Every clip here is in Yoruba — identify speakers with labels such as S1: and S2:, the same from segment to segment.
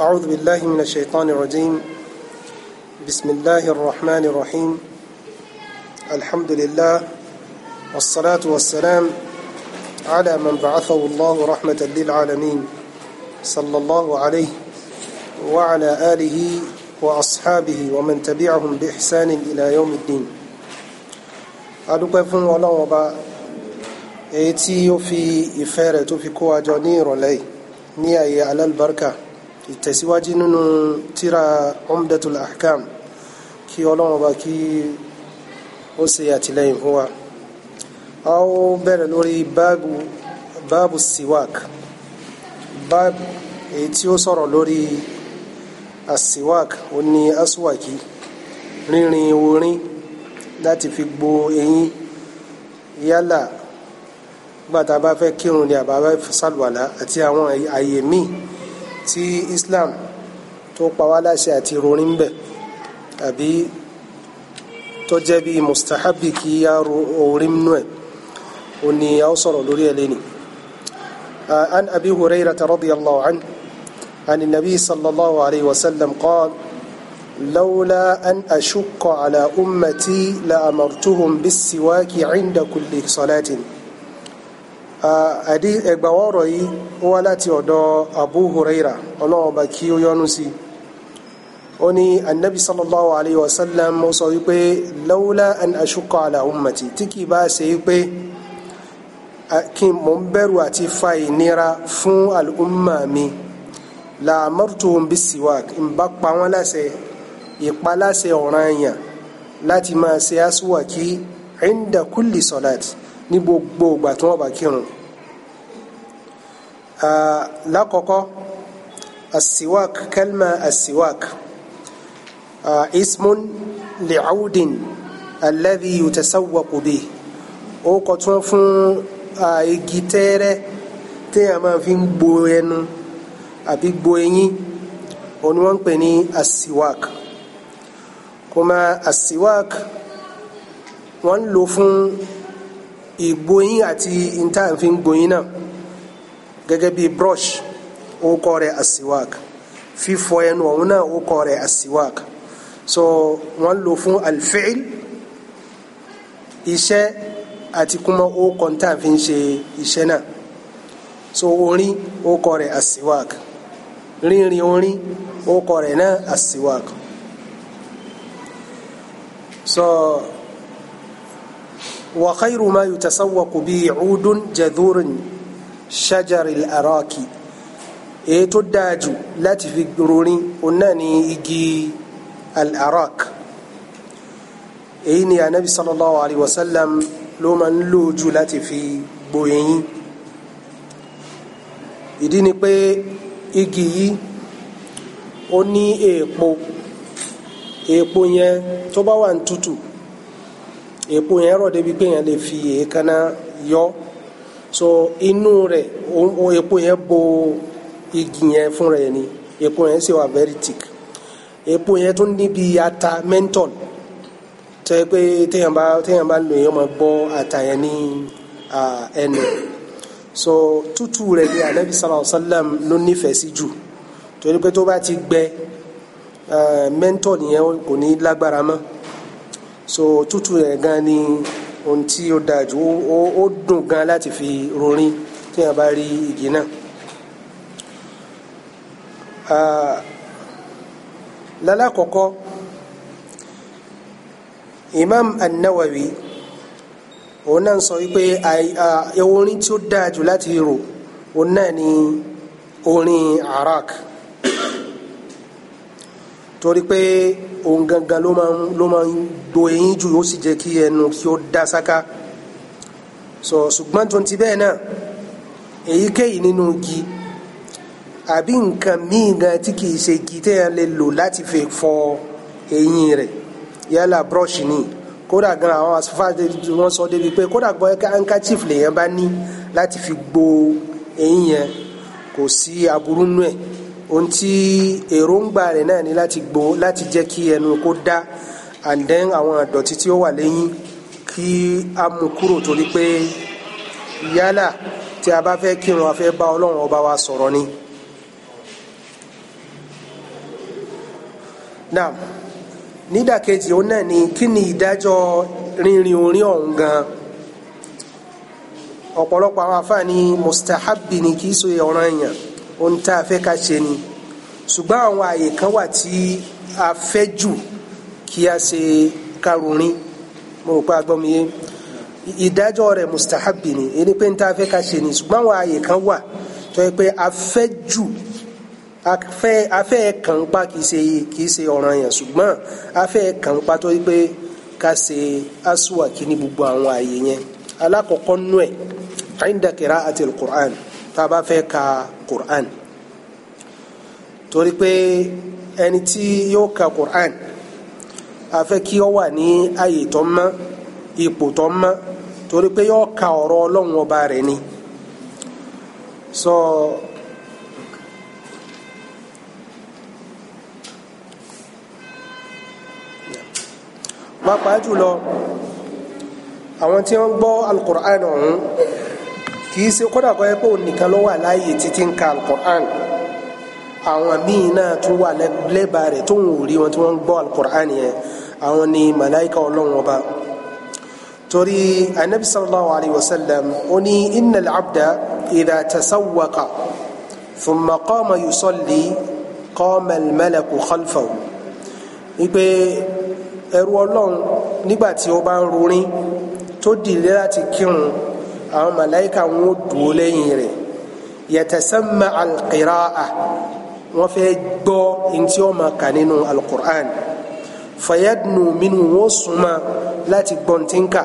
S1: أعوذ بالله من الشيطان الرجيم بسم الله الرحمن الرحيم الحمد لله والصلاة والسلام على من بعثه الله رحمة للعالمين صلى الله عليه وعلى آله وأصحابه ومن تبعهم بإحسان إلى يوم الدين adúpẹ́ fún ọlọ́run ọba èyí tí ó fi ìfẹ́ rẹ̀ tó fi kó ìtẹ̀síwájú nínú tíra umdatul ahkam kí ọlọ́run bá kí ó ṣe àtìlẹ́yìn fún wa a ó bẹ̀rẹ̀ lórí báàbù báàbù siwak báàbù èyí tí ó sọ̀rọ̀ lórí asiwak ó ní aswaki rírin orin láti fi gbo eyín yálà gbàtà bá fẹ́ kírun ni àbá fẹ́ sàlùwàlà àti àwọn àyè míì tí Islam tó pa wá láṣẹ àti ronú ń bẹ̀ àbí tó jẹ́ bí mustahabi kí á orí nú ẹ̀ ó ní a ó sọ̀rọ̀ lórí ẹ̀ lẹ́nu. عن أبي هريرة رضي الله عنه عن النبي صلى الله عليه وسلم قال لولا أن أشق على أمتي لأمرتهم بالسواك عند كل صلاة àdí ẹgbàwọ́ ọ̀rọ̀ yìí ó wá láti ọ̀dọ̀ Abu Huraira ọlọ́run bá kí ó yọ́nú sí ó ní annabi sallallahu alayhi wa sallam ó sọ wípé lawla an ashuqa ala ummati tí kì bá ṣe wípé kí mò ń bẹ̀rù àti fa ìnira fún al'umma mi la amartuhum bis-siwak ń bá pa wọ́n láṣẹ ìpaláṣẹ ọ̀ranyàn láti máa ṣe aswaki inda kulli salati ní gbogbo ìgbà tí wọ́n bá kírun lákọ̀ọ́kọ́ asiwak kalma asiwak ismun li'audin alladhi yutasawwaku bih ó kọ tí wọ́n fún igi tẹ́ẹ́rẹ́ téèyàn máa fi ń gbo ẹnu àbí gbo eyín òun wọ́n ń pè ní asiwak kò máa asiwak wọ́n ń lò fún ìgboyin àti ìntàǹfin gboyin náà gẹ́gẹ́ bí brush ó kọ́ rẹ̀ asiwak fífọ ẹnu ọ̀hún náà ó kọ́ rẹ̀ asiwak so wọ́n lò fún alfi'il iṣẹ́ àti kuma ó kọ́ ìntàǹfin ṣe iṣẹ́ náà so orin ó kọ́ rẹ̀ asiwak rínrin orin ó kọ́ rẹ̀ náà asiwak so. وخير ما يتسوق به عود جذور شجر الأراكي èyí tó dáa jù láti fi rorin òun náà ni igi al-arak èyí ni anabi sallallahu alayhi wa sallam ló máa ń lò jù láti fi gbo eyín ìdí ni pé igi yìí ó ní èèpo èèpo yẹn tó bá wà ní tútù Epo yẹn rọ̀ débi pé yẹn lè fi èékánná yọ so inú rẹ̀ o epo yẹn bo igi yẹn fún rẹ̀ ni epo yẹn sì wà very thick epo yẹn tún níbi ata menthol tó yẹ pé téèyàn bá téèyàn bá lò yẹn máa gbọ́ ata yẹn ní ẹnu so tútù rẹ̀ ni anabi sallallahu alayhi wa sallam ló nífẹ̀ẹ́ sí jù torí pé tó bá ti gbẹ menthol yẹn kò ní lágbára mọ́ so tútù yẹn gan ni ohun tí ó dáa jù ó dùn gan láti fi rorin tí yẹn bá rí igi náà. Ah, lálákọ̀ọ́kọ́ Imam An-Nawawi òun náà sọ wípé orin tí ó dáa jù láti rò òun náà ni orin Iraq torí pé ohun gangan ló máa ló máa ń do eyín jù ó sì jẹ́ kí ẹnu kí ó dá sáká sọ ṣùgbọ́n tó ti bẹ́ẹ̀ náà èyíkéyìí nínú igi àbí nǹkan míì gan tí kìí ṣe igi téèyàn lè lò láti fi fọ eyín rẹ̀ yálà brush ni kódà gan àwọn asfaw wọn sọ débi pé kódà gbọ́ handkerchief lèèyàn bá ní láti fi gbo eyín yẹn kò sí aburú nù ẹ̀ ohun tí èròǹgbà rẹ̀ náà ni láti gbó láti jẹ́ kí ẹnu kó dá and then àwọn àdọ̀tí tí ó wà lẹ́yìn kí a mú kúrò torí pé yálà tí a bá fẹ́ kírun a fẹ́ bá ọlọ́run ọba wa sọ̀rọ̀ ni. now nídàkejì ó náà ni kí ni ìdájọ́ rínrin orí ọ̀hún gan ọ̀pọ̀lọpọ̀ àwọn afáàní mustahabi ni kì í so ọ̀ràn èèyàn ohun tá a fẹ́ ká ṣe ni ṣùgbọ́n àwọn àyè kan wà tí a fẹ́ jù kí a ṣe karorin mo rò pé a gbọ́ mi yé ìdájọ́ rẹ̀ mustahabi ni ẹni pé n ta fẹ́ ká ṣe ni ṣùgbọ́n àwọn ààyè kan wà tó yẹ pé a fẹ́ jù a fẹ́ kàn pa kì í ṣe kì í ṣe ọ̀ràn yẹn ṣùgbọ́n a fẹ́ tó yẹ pé ká ṣe aswaki ní gbogbo àwọn ààyè yẹn alákọ̀ọ́kọ́ nú ẹ̀ inda qira'atil Qur'an tá a bá fẹ́ ka Qur'an torí pé ẹni tí yóò ka Qur'an a fẹ́ kí ó wà ní àyè tó mọ́ ipò tó mọ́ torí pé yóò ka ọ̀rọ̀ Ọlọ́run ọba rẹ̀ ni so pàápàá jùlọ àwọn tí wọ́n gbọ́ alukur'an ọ̀hún kì í ṣe kódà kọ́ ẹ pé òun nìkan ló wà láàyè títí ń ka alukur'an àwọn míì náà tún wà lẹ́bàá rẹ̀ tó ń rí wọn tí wọ́n ń gbọ́ alukur'an yẹn àwọn ni màláìka ọlọ́run ọba torí anabi sallallahu alayhi wa sallam ó ní inna al-abda idha tasawwaqa thumma qama yusalli qama al-malaku wípé ẹrú ọlọ́run nígbà tí ó bá ń rorin tó dìde láti kírun àwọn màláìka wọn ó dúró lẹ́yìn rẹ̀ yẹtẹsẹ́mà alqira'a wọ́n fẹ́ gbọ́ ntí wọ́n máa kà nínú alukur'an fayadnu minnu wọ́n súnmọ́ láti gbọ́ ntí nkà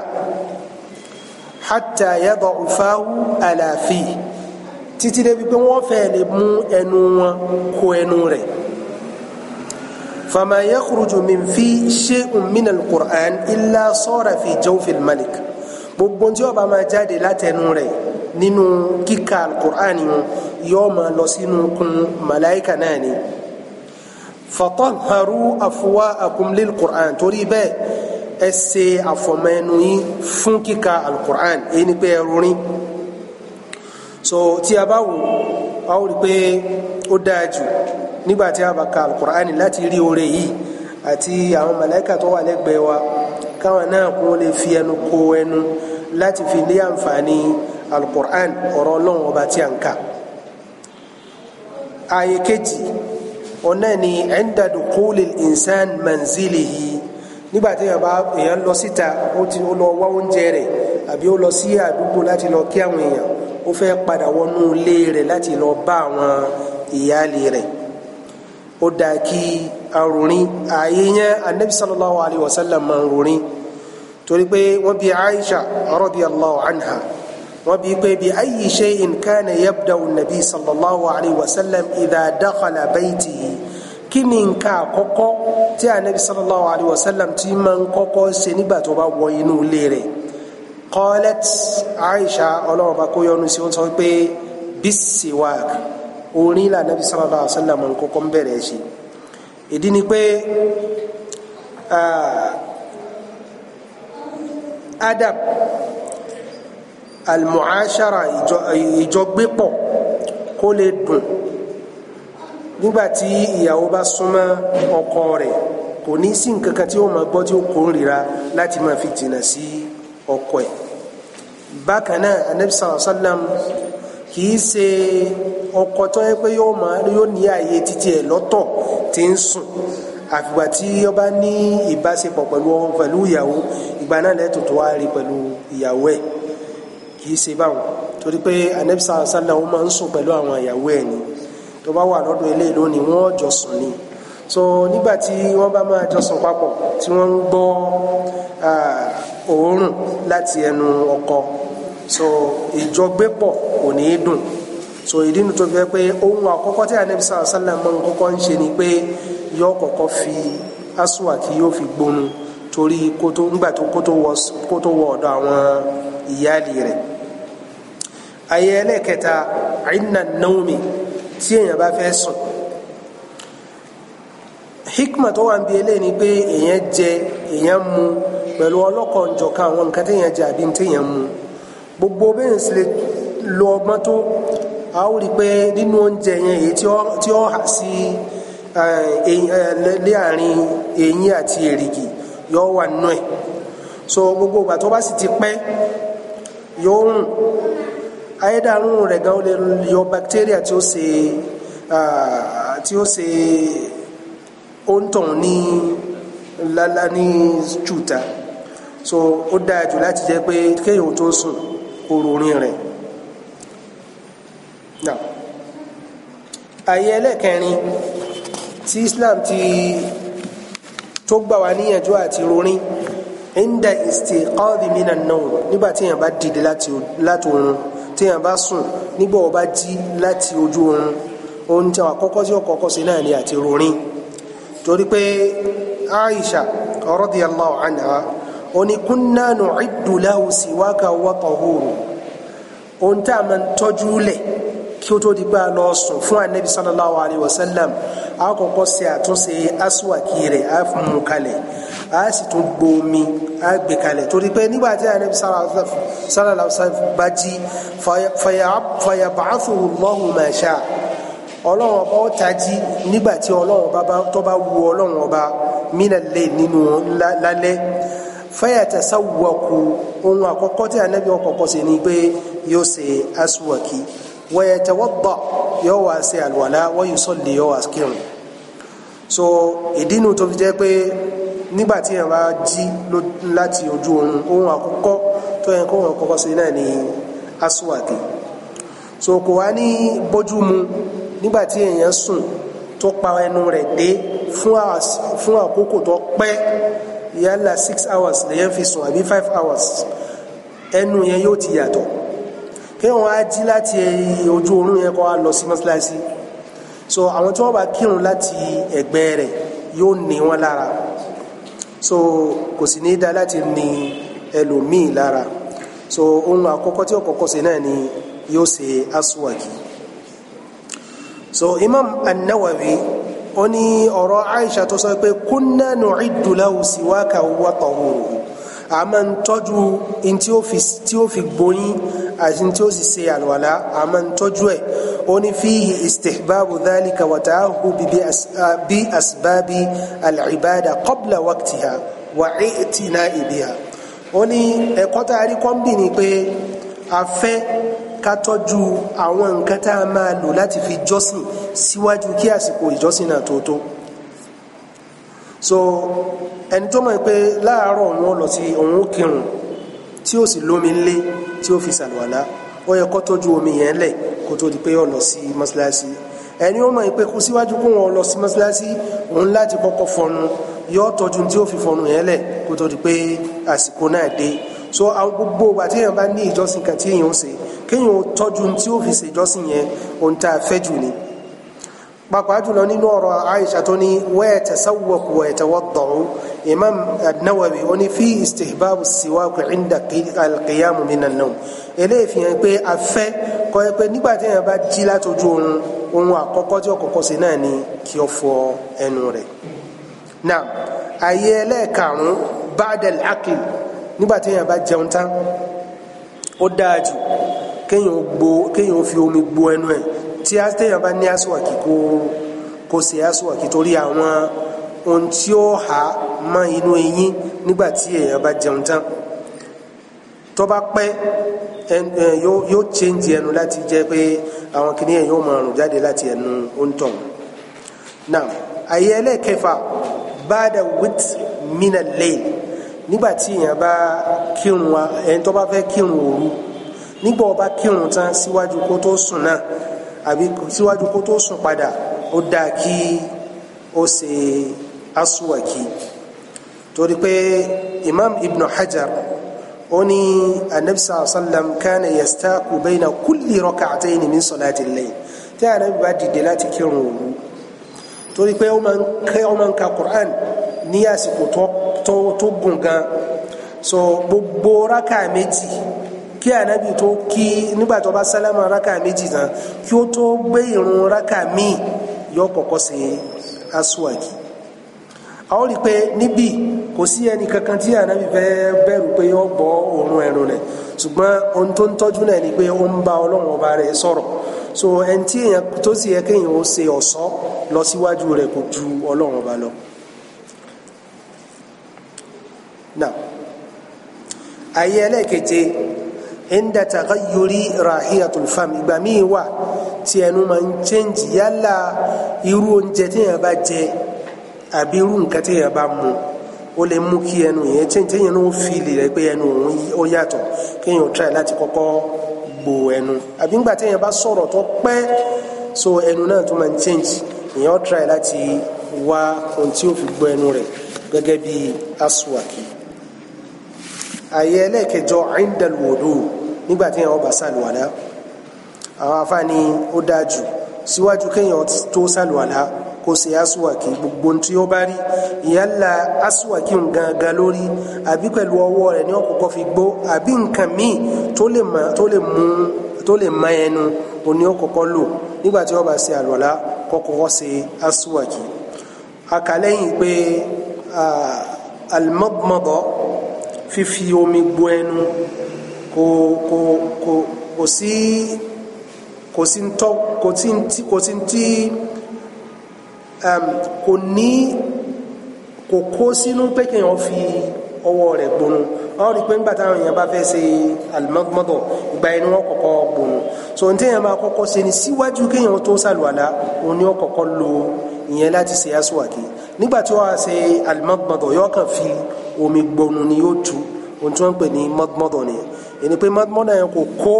S1: hatta yadọ̀ ufahu àlàáfì títí débi pé wọ́n fẹ́ lè mú ẹnu wọn kó ẹnu rẹ̀ fama yakhruju min fi shay'un min alukur'an illa sara fi jawfil malik gbogbo tí ó bá máa jáde látẹnu rẹ̀ nínú kíka alukur'an wọn yóò máa lọ sínú kun màláìka náà ni fatahharu afwaakum lil kur'an torí bẹ́ẹ̀ ẹ ṣe àfọ̀mẹ́nu yín fún kíka alukur'an èyí ni pé ẹ rorin so tí a bá wò a ó rí i pé ó dáa jù nígbà tí a bá ka alukur'an láti rí oore yìí àti àwọn màláìka tó wà lẹ́gbẹ̀ẹ́ wa káwọn náà kó lè fi ẹnu kó ẹnu láti fi lé àǹfààní alukur'an ọ̀rọ̀ ọlọ́run ọba tí a ń kà. ààyè kejì ọ̀nà ni inda dukhulil insan manzilihi nígbà tí yàrá èèyàn lọ síta ó ti lọ wá oúnjẹ rẹ̀ àbí ó lọ sí àdúgbò láti lọ kí àwọn èèyàn ó fẹ́ padà wọnú ilé rẹ̀ láti lọ bá àwọn ìyáálé rẹ̀ ó dáa kí àrùnrin ààyè yẹn anabi sallallahu alayhi wa sallam máa ń rùnrin torí pé wọ́n bi aisha radiyallahu anha wọ́n bi pé bi ayi shay'in kana yabda'u nabi sallallahu alayhi wa sallam idha dakhala baytihi kí ni nǹkan àkọ́kọ́ tí anabi sallallahu alayhi wa sallam ti máa ń kọ́kọ́ ṣe nígbà tó bá wọ inú ilé rẹ̀ aisha ọlọ́run bá kó yọnu sí wọn sọ pé bísíwáàkì orin la anabi sallallahu alayhi wa sallam kọ́kọ́ ń bẹ̀rẹ̀ ṣe ìdí ni pé adab almuashara ìjọgbépọ̀ kó lè dùn nígbàtí ìyàwó bá súnmọ́ ọkọ rẹ̀ kò ní sí nǹkan kan tí ó máa gbọ́ tí ó kórìíra láti máa fi jìnnà sí ọkọ ẹ̀ bákan náà anabi sallallahu kì í ṣe ọkọ tó yẹ pé yóò ní ààyè títí ẹ̀ lọ́tọ̀ tí ń sùn àfìgbà tí ó bá ní ìbáṣepọ̀ pẹ̀lú ọmọ pẹ̀lú ìyàwó ìgbà náà lẹ́tò tó wá rí pẹ̀lú ìyàwó ẹ̀ kìí ṣe báwọn torí pé anabisa sallam ó máa ń sùn pẹ̀lú àwọn ìyàwó ẹ̀ ni tó bá wà lọ́dọ̀ ilé lónìí wọ́n jọ sùn ni so nígbà tí wọ́n bá máa jọ sùn papọ̀ tí wọ́n ń gbọ́ òórùn láti ẹnu ọkọ so ìjọgbépọ̀ kò ní í dùn so ìdí nu tó fi jẹ́ pé ohun àkọ́kọ́ tí anabi sàlá sàlá máa ń kọ́kọ́ ń ṣe ni pé yọ kọ́kọ́ fi aswaki yóò fi gbónu torí kótó ńgbà tó kótó wọ ọ̀dọ̀ àwọn ìyáàlì rẹ̀ ayé ẹlẹ́kẹta àìnà naomi tí èèyàn bá fẹ́ sùn hikma tó wà ń bi eléyìí ni pé èèyàn jẹ èèyàn mu pẹ̀lú ọlọ́kọ̀ọ́njọ̀kan àwọn nǹkan téèyàn jẹ àbí téèyàn mu gbogbo bẹ́ẹ̀ sì lo ọgbọ́n tó a ó rí i pé nínú oúnjẹ yẹn èyí tí ó hà sí láàrin eyín àti èrìgì yóò wà nù ẹ̀ so gbogbo ìgbà tó bá sì ti pẹ́ yóò rùn ayédàrún rẹ̀ gan lè yọ bacteria tí ó ṣe tí ó ṣe ó ń tàn ní lálá ní ṣùtà so ó dáa jù láti jẹ́ pé kéèyàn tó sùn kó rorin rẹ̀ náà àyè ẹlẹ́kẹrin tí Islam ti tó gbà wá níyànjú àti rorin inda istiqadhi minan nawm nígbà tí èèyàn bá dìde láti oorun tí èèyàn bá sùn nígbà wọ́n bá jí láti ojú oorun ohun tí àwọn àkọ́kọ́ tí ó kọ́kọ́ sí náà ni àti rorin torí pé Aisha radiyallahu anha ó ní kunna nu'iddu lahu siwaka ohun tá a máa ń tọ́jú lẹ̀ kí ó tó di pé a lọ sùn fún anabi sallallahu alayhi wa sallam a kọ́kọ́ ṣe àtúnṣe aṣọwàkì rẹ̀ a fún un kalẹ̀ a sì tún gbomi a gbé kalẹ̀ torí pé nígbà tí anabi sallallahu alayhi wa sallam bá jí fayabacathu allahu ma sha ọlọ́run ọba ó tají nígbà tí ọlọ́run ọba tó bá wu ọlọ́run ọba mínàlẹ́ nínú lálẹ́ fẹ́yàtà sáwùwàkù ohun àkọ́kọ́ tí anabi ọkọ̀ọ̀kọ́ ṣe ni pé yóò ṣe aṣùwàkì wayatawadda yóò wá ṣe àlùwàlá wa yusalli yóò wá kírun so ìdínú tó fi jẹ́ pé nígbà tí èèyàn jí láti ojú oorun ohun àkọ́kọ́ tó yẹ kó wọn kọ́kọ́ ṣe náà ni aswaki so kò wá ní bójú mu nígbà tí èèyàn sùn tó pa ẹnu rẹ̀ dé fún àkókò tó pẹ́ yálà six hours lèyàn fi sùn àbí five hours ẹnu yẹn yóò ti yàtọ̀ kéwọn á jí láti ojú oorun yẹn kọ́ lọ sí mọ́sálásí so àwọn tí wọ́n bá kírun láti ẹ̀gbẹ́ rẹ̀ yóò ní wọn lára so kò sì ní dá láti ní ẹlòmíì lára so ohun àkọ́kọ́ tí ó kọ́kọ́ ṣe náà ni yóò ṣe aswaki so imam an ó ní ọ̀rọ̀ aisha tó sọ pé kunna nu'iddu lahu siwaka wa a máa ń tọ́jú in tí ó fi tí ó fi gboyín àti tí ó sì ṣe àlùwàlá a máa ń tọ́jú ẹ̀ ó ní fíhì istihbabu dhalika wa ta'ahubi bí asbabi al-ibada qabla waqtiha wa i'tina'i biha ó ní ẹ̀kọ́ tá a rí kọ́ńbì ni pé a fẹ́ ká tọ́jú àwọn nǹkan tá a máa lò láti fi jọ́sìn síwájú kí àsìkò ìjọ́sìn náà tó tó so ẹni tó mọ̀ pé láàárọ̀ òun lọ sí òun kírun tí ó sì lómi lé tí ó fi ṣàlùwàlá ó yẹ kó tọ́jú omi yẹn lẹ̀ kó tó di pé ó lọ sí mọ́ṣáláṣí ẹni ó mọ̀ pé kó síwájú kó wọn lọ sí mọ́ṣáláṣí òun láti kọ́kọ́ fọnu yọ tọ́jú tí ó fi fọnu yẹn lẹ̀ kó tó di pé àsìkò náà dé so àwọn gbogbo ìgbà tí èèyàn bá ní ìjọsìn kan tí èèyàn ń ṣe kéèyàn tọ́jú tí ó fi ṣèjọsìn yẹn ohun pàápàá jùlọ nínú ọ̀rọ̀ Aisha tó ní wayatasawwaku wayatawadda'u Imam An-Nawawi ó ní fi istihbabu siwaku inda al-qiyamu minan nawm eléyìí fi hàn pé afẹ́ kọ́ ẹ pé nígbà tí èèyàn bá jí látojú oorun ohun àkọ́kọ́ tí ó kọ́kọ́ náà ni kí ó fọ ẹnu rẹ̀ náà ayé ẹlẹ́ẹ̀karùn-ún ba'dal akli nígbà tí èèyàn bá jẹun tán ó dáa jù kéèyàn fi omi gbo ẹnu ẹ̀ tí a tẹ̀yàn bá ní aṣọ́wàkì kó kó ṣe aṣọ́wàkì torí àwọn ohun tí ó há mọ́ inú eyín nígbà tí èèyàn bá jẹun tán tó bá pẹ́ yóò change ẹnu láti jẹ́ pé àwọn kìnìyàn yóò máa rùn jáde láti ẹnu oúntọ̀hún náà àyè ẹlẹ́ẹ̀kẹfà bada wit mina lẹ́yìn nígbà tí èèyàn bá kírun wa ẹni tó bá fẹ́ kírun òru nígbà ó kírun tán síwájú kó tó sùn náà àbí síwájú kó tó sùn padà ó dáa kí ó ṣe aswaki torí pé imam ibn hajar ó ní anabisa asalam kánà yastaku bayna kulli rak'atayn min salati al-layl tí anabi bá dìde láti kírun òru torí pé ó máa ń ka quran ní àsìkò tó gùn gan so gbogbo rákà méjì. kí ànábì tó kí nígbà tó bá sálámà rákà méjì tán kí ó tó gbé ìrun rákà míì yọ kọ́kọ́ ṣe a ó rí i pé níbí kò sí ẹnì kankan tí ànábì fẹ́ bẹ̀rù pé ó gbọ́ òórùn ẹnu rẹ̀ ṣùgbọ́n ohun tó ń tọ́jú náà ni pé ó ń bá ọlọ́run ọba rẹ̀ sọ̀rọ̀ so ẹni tí èèyàn tó sì yẹ kéèyàn ó ṣe ọ̀ṣọ́ lọ síwájú rẹ̀ kò ju ọlọ́run ọba lọ. now àyè inda taghayyuri rahiyatul fam ìgbà míì wà tí ẹnu máa ń change yálà irú oúnjẹ téèyàn bá mu ó lè mú kí ẹnu yẹn change fi lè rẹ pé ẹnu òun ó yàtọ̀ kéèyàn try láti kọ́kọ́ gbò ẹnu àbí ńgbà bá tó so ẹnu náà tó máa ń change èèyàn try láti wá ohun tí ó fi gbọ́ ẹnu rẹ̀ gẹ́gẹ́ bí aswaki ẹlẹ́ẹ̀kẹjọ nígbà tí èèyàn bá sàlùwàlá àwọn afáàní ó dájú síwájú kéèyàn tó sàlùwàlá kó ṣe aswaki gbogbo tí ó bá rí ìyálà aswaki gangan lórí àbí pẹ̀lú ọwọ́ rẹ̀ ní ọ̀kọ̀ọ̀kọ̀ fi gbó àbí nǹkan míì tó lè mú tó lè mọ ẹnu òní ọ̀kọ̀ọ̀kọ̀ lò nígbà tí wọ́n bá ṣe àlùwàlá kọ́kọ́kọ́ ṣe aswaki akàlẹ́yìn pé almọ́gbọ́n fífi omi gbó ẹnu kò kò kò kò sí kò sí ntọ́ kò sí ntí kò sí ntí um, kò ní kò kó sínú pé kéèyàn fi ọwọ́ rẹ̀ gbónú wọ́n pé nígbà èèyàn bá fẹ́ ṣe alimọ́gbọ́dọ̀ ìgbà ẹni wọ́n kọ́kọ́ gbónú so ní téèyàn máa kọ́kọ́ ṣe ni síwájú kéèyàn tó ṣàlùwàlá òun ni wọ́n kọ́kọ́ lo ìyẹn láti ṣe aṣọwàkì nígbà tí wọ́n á ṣe alimọ́gbọ́dọ̀ yóò fi omi gbónú ni yóò tu ohun tí wọ́n pè ní mọ́gbọ́dọ̀ nìyẹn ẹni pé mọ́dà yẹn kò kó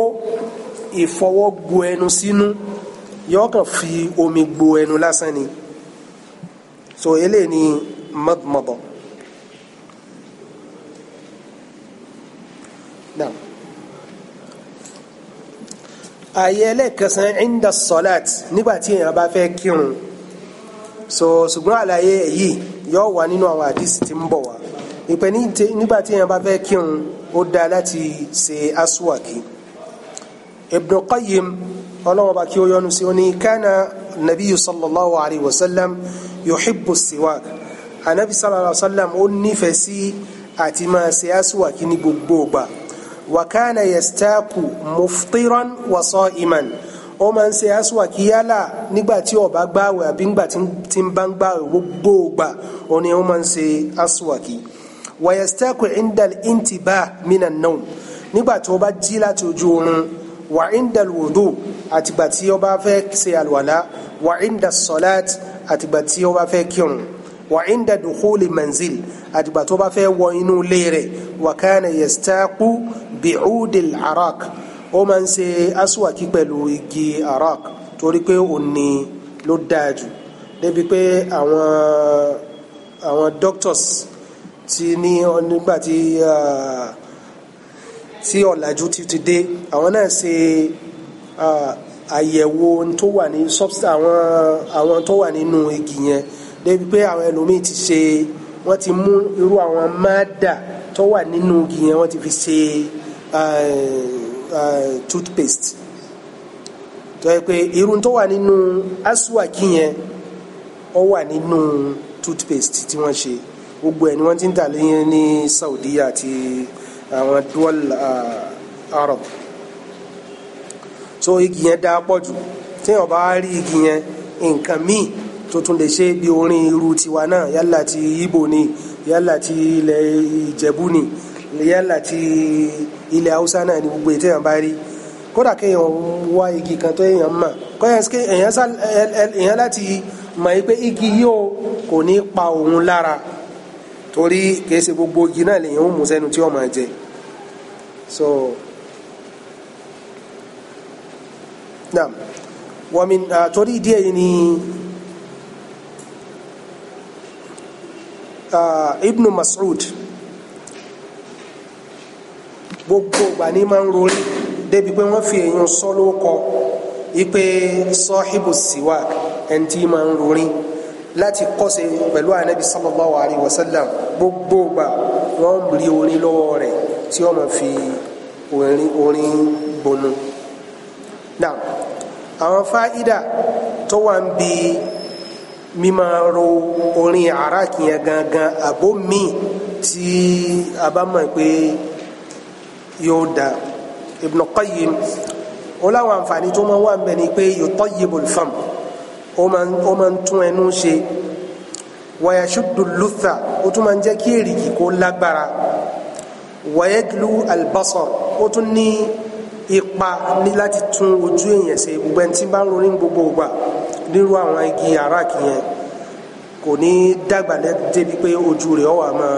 S1: ìfọwọ́ gbo ẹnu sínú yóò kàn fi omi gbo ẹnu lásán ni so eléyìí ni mọ́dọ̀mọ́dọ̀. ààyè ẹlẹ́ẹ̀kẹsàn ẹ̀ńdà sọ́láàt nígbà tí èèyàn bá fẹ́ kírun so ṣùgbọ́n àlàyé èyí yóò wà nínú àwọn àdìsí tí ń bọ̀ wá ìpè nígbà èèyàn bá fẹ́ kírun ó dá láti ṣe aswaki Ibn Qayyim ọlọ́wọ́ba kí ó yọ́nú sí ó ní kánà nabiyu sallallahu alayhi wa sallam yuhibbu siwak anabi sallallahu alayhi wa sallam ó nífẹ̀ẹ́ sí àti máa ṣe aswaki ní gbogbo ìgbà wa kánà yastaku muftiran wa sa'iman ó máa ń ṣe aswaki yálà nígbà tí ó bá àbí nígbà tí ń bá ń gbààwẹ̀ gbogbo ìgbà ó ní ó máa ń ṣe aswaki wàyẹ̀sítẹ́kù indal intiba minan naum nígbà tí ó bá jí láti ojú oorun wà indal wudu àtìgbà tí ó bá fẹ́ ṣe àlùwàlá wà indal salat àtìgbà tí ó bá fẹ́ kírun wà indal dukhuli manzil àtìgbà tó bá fẹ́ wọ inú ilé wà kánà yẹ̀sítẹ́kù bi'udil arak ó máa ń ṣe aswaki pẹ̀lú igi arak torí pé òní ló dáa jù débi pé àwọn àwọn doctors tí ní nígbà tí tí ọ̀làjú ti ti dé àwọn náà ṣe àyẹ̀wò tó wà ní àwọn àwọn tó wà nínú igi yẹn débi pé àwọn ẹlòmíì ti ṣe wọ́n ti mú irú àwọn máàdà tó wà nínú igi yẹn wọ́n ti fi ṣe toothpaste tó yẹ pé irun tó wà nínú aswaki yẹn ó wà nínú toothpaste tí wọ́n ṣe gbogbo ẹ̀ ni wọ́n ti ń tà lẹ́yìn ní Saudi àti àwọn dual uh, Arab so igi yẹn dáa pọ̀ jù téèyàn bá rí igi yẹn nǹkan míì tó tún lè ṣe bí orin irú tiwa náà yálà ti Ìgbò ni yálà ti ilẹ̀ Ìjẹ̀bú ni yálà ti ilẹ̀ Haúsá náà ni gbogbo ètèèyàn bá rí kódà kéèyàn wá igi kan tó èèyàn mà kọ́yẹ̀sìké èèyàn láti mọ̀ pé igi yìí kò ní pa òun lára torí kìí ṣe gbogbo igi náà lèyìn ó mú sẹ́nu tí ó máa jẹ so naam wọ́n mi torí ìdí èyí ni Ibn Mas'ud gbogbo ìgbà ní máa ń rorí débi pé wọ́n fi èèyàn sọ́ ló ipe sọ́híbù síwá ẹni tí máa ń rorí láti kọ́ṣe pẹ̀lú anabi sallallahu alayhi wa sallam gbogbo gbà wọ́n rí orin lọ́wọ́ rẹ̀ tí wọ́n máa fi orin orin bonu. náà àwọn fáìdà tó wà ń bi mímọ ro orin àràkì yẹn gangan àbó míì tí a bá mọ̀ pé yóò da Ibn Qayyim ó láwọn àǹfààní tó máa wà ń bẹ ni pé yutayyibul fam ó máa ń tún ẹnu ṣe wayashuddu lutha ó tún máa ń jẹ́ kí èrìgì kó lágbára wayaglu albasar ó tún ní ipa ní láti tún ojú èèyàn ṣe gbogbo ẹni tí bá ń ronú gbogbo ìgbà nírú àwọn igi aráàkì yẹn kò ní dàgbà débi pé ojú rẹ̀ ó máa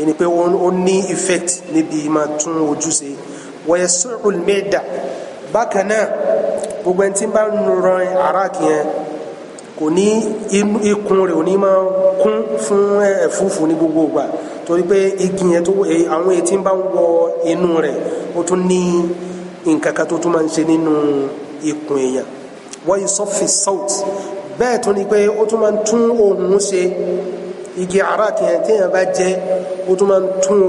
S1: ẹni pé ó ní effect níbi máa tún ojú ṣe wayasu'ul meda bákan náà gbogbo ẹni tí ń bá ran kò ní ikun rẹ̀ ò ní máa kún fún ẹ̀fúùfù ní gbogbo torí igi yẹn tó àwọn etí ń bá ń wọ inú rẹ̀ ó tún ní nǹkan kan tó tún máa ń ṣe nínú ikùn èèyàn wọ́n yìí sọ́fì bẹ́ẹ̀ tún ni pé ó tún máa ń tún ohun ṣe igi téèyàn bá ó tún máa ń tún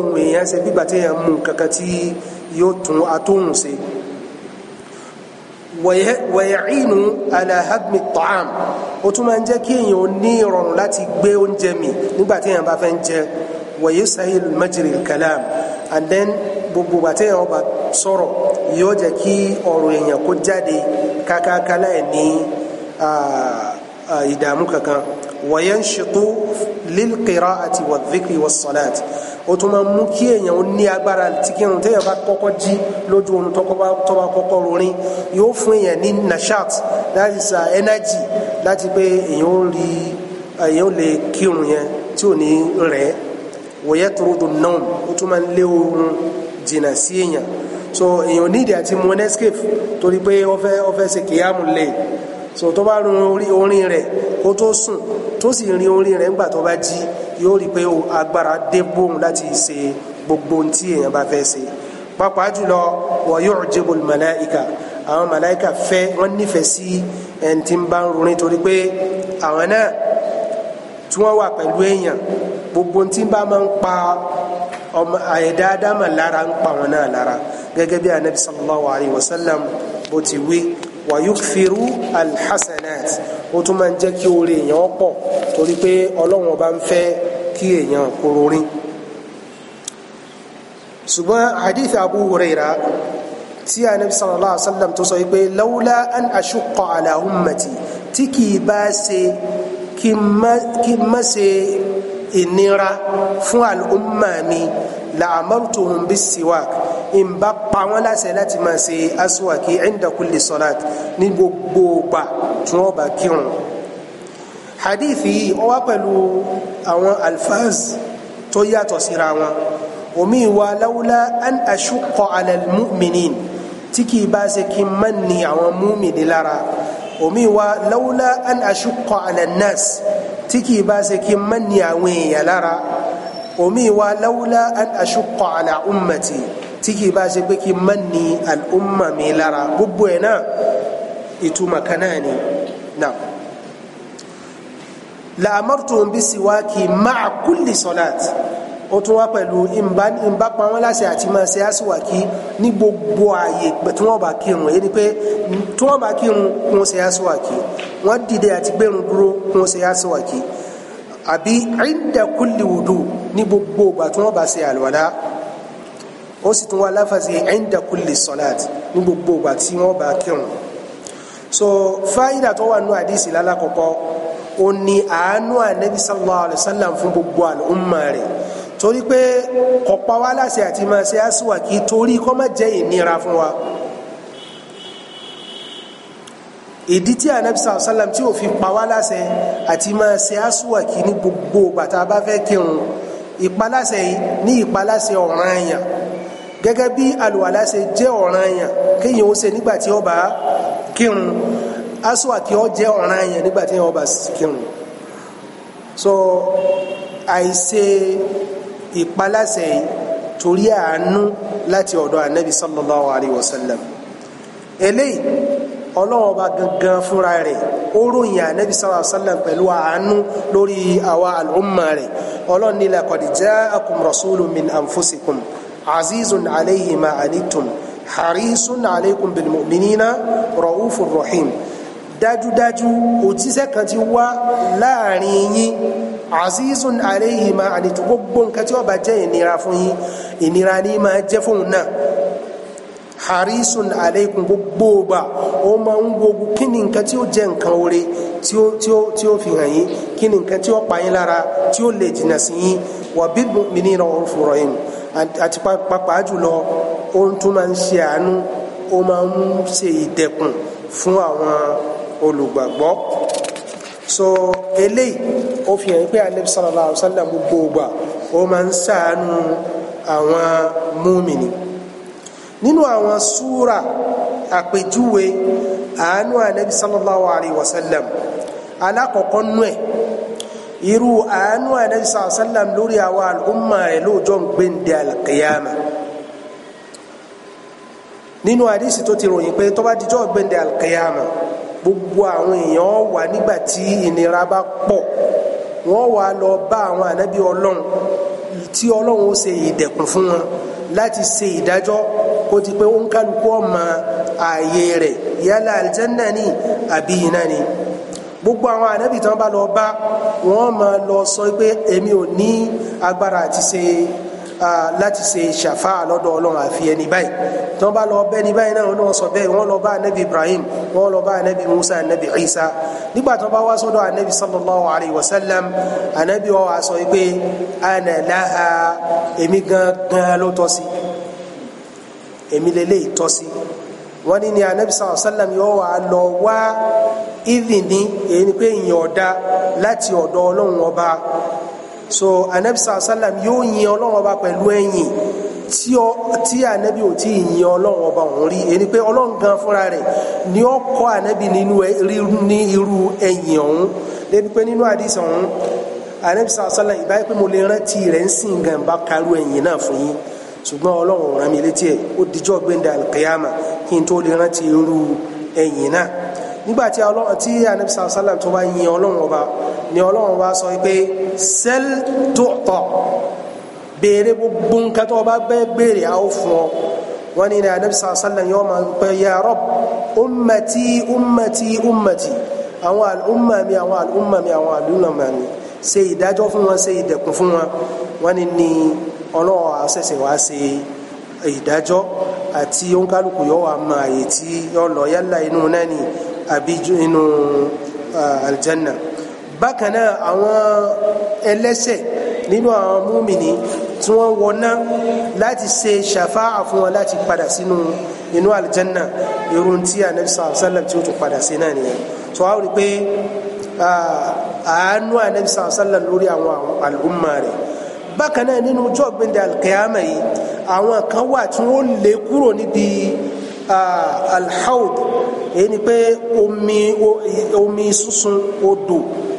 S1: ohun wẹ̀yẹ̀ẹ́nù alahadmi ta'am ó tún máa ń jẹ́ kí èèyàn ní ìrọ̀rùn láti gbé oúnjẹ mì nígbà tí bá fẹ́ ń jẹ wẹ̀yẹ̀ sahil majiri kalam and then gbogbo ìgbà tí èèyàn bá sọ̀rọ̀ yóò jẹ́ kí ọ̀rọ̀ èèyàn kó jáde kákákálá ẹ̀ ní ìdààmú kankan wẹ̀yẹ̀ ń ṣètò lil qira'ati wa dhikri Otu tún máa mú kí èèyàn ó ní agbára tí kírun téèyàn bá kọ́kọ́ jí lójú oorun tó bá kọ́kọ́ rorin yóò fún èèyàn ní nashat that is uh, energy láti pé èèyàn ó rí èèyàn ó lè kírun yẹn tí ò ní rẹ̀ wòye turudu náà ó tún máa ń lé oorun jìnnà sí èèyàn so èèyàn àti mu torí pé ó fẹ́ ó fẹ́ ṣe so tó bá rin orin kó yóò rí i pé agbára dé bóun láti ṣe gbogbo ohun tí èèyàn bá fẹ́ ṣe pàápàá jùlọ wa yu'jibul malaika àwọn malaika fẹ́ wọ́n nífẹ̀ẹ́ sí ẹni tí ń bá ń ronú torí pé àwọn náà tí wọ́n wà pẹ̀lú èèyàn gbogbo ohun tí ń bá máa ń pa ọmọ àyẹ̀dá dámà lára ń pa wọn náà lára gẹ́gẹ́ bí anabi sallallahu alayhi wa sallam bó ti wí wa yukfiru ó tún máa ń jẹ́ kí oore èèyàn pọ̀ torí pé ọlọ́run ọba ń fẹ́ kí èèyàn kóró rí ṣùgbọ́n hadith abu huraira tí anabi sallallahu alaihi wa sallam tó sọ wípé lawla an ashukọ ala ummati tí kì í bá ṣe kí n má ṣe ìnira fún al'umma mi la'amartuhum bis-siwak in bá pa wọ́n láṣẹ láti máa ṣe aswaki inda kulli salat ní gbogbo gbà tí wọ́n bá kírun hadithi ó wá pẹ̀lú àwọn alfaz tó yàtọ̀ síra wọn omi wa lawla an ashukọ alal mu'minin tí kì í bá ṣe kí n mọ̀ ní àwọn múmìnì lára omi wa lawla an ashukọ alal nas tí kì í bá ṣe kí n mọ̀ àwọn èèyàn lára omi wa lawla an ashukọ ala tí kì bá ṣe pé kí n mọ̀ al'umma mi lára gbogbo ẹ̀ náà ìtumọ̀ ni náà la amartuhum bisiwaki ma'a kulli salat ó tún wá pẹ̀lú ìbá pa wọ́n láṣẹ àti máa ṣe àṣìwàkí ní gbogbo ààyè tí wọ́n bá kírun èyí ni pé tí wọ́n bá kírun kí wọ́n ṣe àṣìwàkí wọ́n dìde àti gbẹ̀rún dúró kí wọ́n ṣe àṣìwàkí àbí inda kulli wudu ní gbogbo ìgbà tí wọ́n bá ṣe àlùwàlá ó sì tún wá láfàṣe inda kulli ní gbogbo ìgbà tí wọ́n bá kírun so fáyidà tó wà nù àdìsí lálákọ̀ọ́kọ́ ó ní àánú ànábi sallallahu alayhi wa sallam fún gbogbo àlùmọ́ rẹ̀ torí pé kọ̀pá wa láṣẹ àti máa ṣe aṣíwàkí torí kọ́ má jẹ́ ìnira fún wa. ìdí tí ànábi sallallahu alayhi wa sallam tí ò fi pa wá láṣẹ àti máa ṣe aṣíwàkí ní gbogbo bàtà bá fẹ́ kírun ìpaláṣẹ yìí ní ìpaláṣẹ ọ̀ranyàn gẹ́gẹ́ bí àlùwàlá ṣe jẹ́ ọ̀ranyàn kéèyàn ó ṣe nígbà tí ó kírun aswaki ọ jẹ́ ọ̀ràn yẹn nígbà tí wọ́n bá kírun so àìṣe ìpaláṣẹ torí àánú láti ọ̀dọ̀ ànábì sallallahu alayhi wa sallam eléyìí ọlọ́run ọba gangan fúnra rẹ̀ ó ròyìn ànábì sallallahu alayhi wa sallam pẹ̀lú àánú lórí àwa àlùmọ̀ rẹ̀ ọlọ́run ní laqad ja'akum rasulun min anfusikum azizun alayhi ma anittum harisun alaykum bil mu'minina ra'ufur rahim dájúdájú òtíṣẹ́ kan ti wá láàrin yín azizun alayhi ma ànìtú gbogbo nǹkan tí ó bá jẹ́ ìnira fún yín ìnira ni máa jẹ́ fóun náà harisun alaykum gbogbo ọba ó máa ń gbogbo kí ni nǹkan tí ó jẹ́ nǹkan oore tí ó tí ó tí ó fi hàn yín kí ni nǹkan tí ó pa yín lára tí ó lè jìnnà sí yín wà bí mìíní náà ń fòrọ yín àti pàápàá jùlọ ó tún máa ń ṣe àánú ó máa ń ṣe ìdẹkùn fún àwọn olùgbàgbọ́ so eléyìí ó fi hàn pé anabi sallallahu alayhi wa sallam gbogbo ó máa ń ṣàánú àwọn múmìnì nínú àwọn súra àpèjúwe àánú anabi sallallahu alayhi wa sallam alákọ̀ọ́kọ́ nú ẹ̀ irú àánú anabi sallallahu lórí àwọn àlùmọ̀ rẹ̀ lóòjọ́ ń gbé ń de alqiyama nínú àdísì tó ti ròyìn pé tó bá dijọ́ gbẹ̀ndẹ̀ alqiyama gbogbo àwọn èèyàn wà nígbà tí ìnira bá pọ̀ wọ́n wà lọ bá àwọn ànábì ọlọ́run tí ọlọ́run ó ṣe ìdẹ̀kùn fún wọn láti ṣe ìdájọ́ kó ti pé ó ń kálukú ọmọ ààyè rẹ̀ yálà àlìjẹ́nà ni àbí iná ni gbogbo àwọn ànábì tán bá lọ bá wọ́n máa lọ sọ pé èmi ò ní agbára àti ṣe láti ṣe ṣàfà lọ́dọ̀ ọlọ́run àfi ẹni báyìí tí wọ́n bá lọ bẹ́ẹ̀ ni báyìí náà wọ́n sọ bẹ́ẹ̀ wọ́n lọ bá anabi ibrahim wọ́n lọ bá anabi musa anabi isa nígbà tí wọ́n bá wá sọ́dọ̀ anabi sallallahu alayhi wa sallam anabi wọn wá sọ pé ana laha èmi gangan ló tọ́ sí èmi lélẹ́yìí tọ́ sí wọ́n ní ni anabi sallallahu alayhi wa sallam yóò wá lọ wá ìdí ni èyí ni pé ìyàn ọ̀dà láti ọ̀dọ̀ ọlọ́run ọba so anabi sàlám yóò yin ọlọ́run ọba pẹ̀lú ẹ̀yìn tí anabi ò tí ì yin ọlọ́run ọba òun rí ẹni pé ọlọ́run gan fúnra rẹ̀ ni ó kọ́ anabi nínú ní irú ẹ̀yìn ọ̀hún débi pé nínú àdìsí ọ̀hún anabi sàlám ìbáyé pé mo lè rántí rẹ̀ ń sìn gan bá karú ẹ̀yìn náà fún yín ṣùgbọ́n ọlọ́run rán mi létí ẹ̀ ó dijọ́ gbẹ̀ndà alkiyama kí n tó lè rántí irú ẹ̀yìn náà nígbàtí ọlọ́run tí anabi sàlọ́ sàlám tó bá yin ọlọ́run ọba ni ọlọ́run ọba sọ pé sẹ́l tó tọ̀ béèrè gbogbo nǹkan tó bá bẹ́ẹ̀ béèrè àwọn fún ọ wọn ni anabi sàlọ́ sàlám yóò máa pẹ́ ya rọ́b ummati ummati ummati àwọn al'umma mi àwọn al'umma mi àwọn al'umma mi ṣe ìdájọ́ fún wọn ṣe ìdẹ̀kùn fún wọn wọn ni ni ọlọ́run àṣẹṣẹ wá ṣe ìdájọ́ àti òǹkálùkù yóò wá máa yè tí yóò lọ yálà inú náà ni àbí inú aljanna bákan náà àwọn ẹlẹ́ṣẹ̀ nínú àwọn múmìnì tí wọ́n wọná láti ṣe ṣàfáà fún wọn láti padà sínú inú aljanna irun tí anabi sallallahu alaihi wasallam tí ó tún padà sí náà nìyẹn tó wá rí pé àánú anabi sallallahu alaihi lórí àwọn alùmọ̀ rẹ̀ bákan nínú ọjọ́ gbẹ̀ndẹ̀ alkiyama yìí àwọn kan wà tí wọ́n lè kúrò níbi alhaud èyí ni pé omi omi sísun odò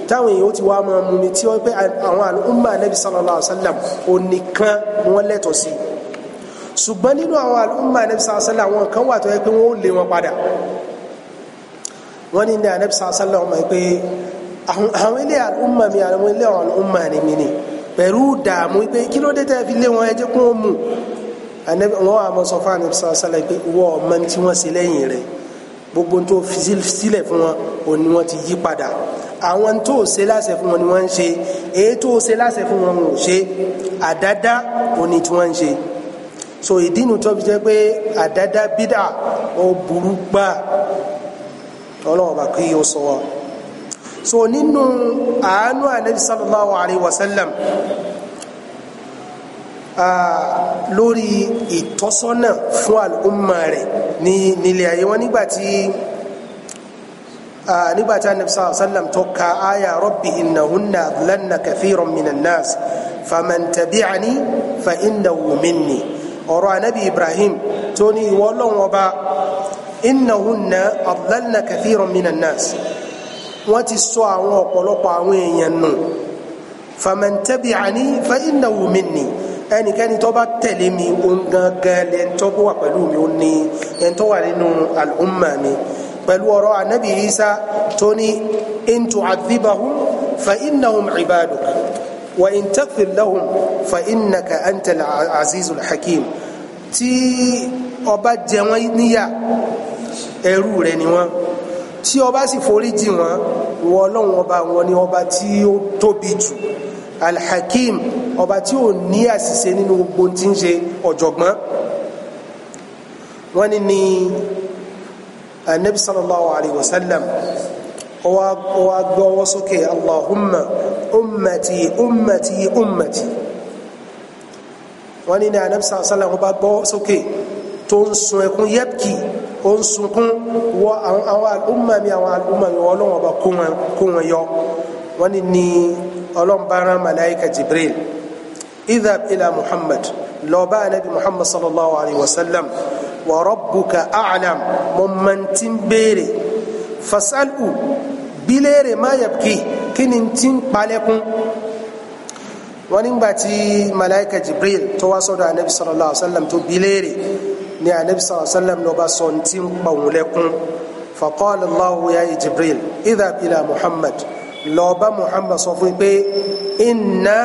S1: táwọn èèyàn ti wá máa mu mi tí wọ́n pé àwọn àlùmọ́ ànábì sallallahu alaihi wasallam onìkan wọ́n lẹ́tọ̀ọ́ sí ṣùgbọ́n nínú àwọn àlùmọ́ ànábì sallallahu alaihi wasallam àwọn kan wà tó yẹ pé wọ́n ó lé wọn padà wọ́n ní ní ànábì sallallahu alaihi wasallam pé àwọn ilé àlùmọ́ mi àwọn ilé àlùmọ́ mi ni pẹ̀lú dààmú pé kí ló dé tẹ́ fi lé wọn ẹ jẹ́ kó mú wọn àmọ́ sọ fún ànábì sallallahu pé wọ́n ọmọ tí wọ́n ṣe lẹ́yìn rẹ̀ gbogbo tó sílẹ̀ fún wọn ò ní wọ́n ti yí padà àwọn tó ṣe láṣẹ fún wọn ni wọ́n ń ṣe èyí tó ṣe láṣẹ fún wọn ò ṣe àdádá ò ní tí wọ́n ń ṣe so ìdí nu tó fi jẹ́ pé àdádá bídà ó burú gbà ọlọ́run bá kí o sọ wọn so nínú àánú ànábì sallallahu alayhi wa lórí ìtọ́sọ́nà fún àlùmọ́ rẹ̀ ní nílé ayé wọn nígbà tí nígbà tí anabi sallallahu alayhi wa sallam tó ka aya rabbi innahunna adlanna kathiran minan nas faman tabi'ani fa innahu minni ọ̀rọ̀ anabi ibrahim tó ní ìwọ Ọlọ́run ọba innahunna adlanna kathiran minan nas wọ́n ti sọ àwọn ọ̀pọ̀lọpọ̀ àwọn èèyàn nù faman tabi'ani fa innahu minni ẹnikẹ́ni tó bá tẹ̀lé mi òun gangan lẹ́ntọ́ bó wà pẹ̀lú mi ó ní ẹ̀ntọ́ wà nínú al-umma mi pẹ̀lú ọ̀rọ̀ anabi isa tó ní in tu'adhibahum fa innahum ibaduk wa in taghfir lahum fa innaka antal azizul hakim tí ó bá jẹ wọ́n níyà ẹrú rẹ ni wọ́n tí ó bá sì foríjì wọ́n wọ́n Ọlọ́run ọba wọn ni ọba tí ó tóbi jù alhakim ọba tí ò ní àṣìṣe nínú gbogbo tí ń ṣe ọ̀jọ̀gbọ́n wọ́n ní ní anabi alayhi wa sallam wa gbọ́wọ́ sókè allahumma ummati ummati ummati wọ́n ní ní anabi sallallahu alayhi wa sallam wa gbọ́wọ́ sókè tó ń sun ẹkún yẹ́pkì ó ń sunkún wọ àwọn àlùmọ̀ mi àwọn àlùmọ̀ mi wọ́n lọ́wọ́ bá kó wọn yọ wọ́n ní ní ọlọ́mbàrán malaika jibril idhab ila muhammad lọ bá anabi muhammad sallallahu alayhi wa sallam wa rabbuka a'lam mo man ti ń béèrè fasal'u biléèrè má yabki kí ni ti ń palẹ́kún wọ́n nígbà tí malaika jibril tó wá sọ́dọ̀ anabi sallallahu alayhi wa sallam tó biléèrè ni anabi sallallahu alayhi wa sallam lọ bá sọ ti ń pàwọ́lẹ́kún faqala allahu ya jibril idhab ila muhammad lọ bá muhammad sọ fún pé inna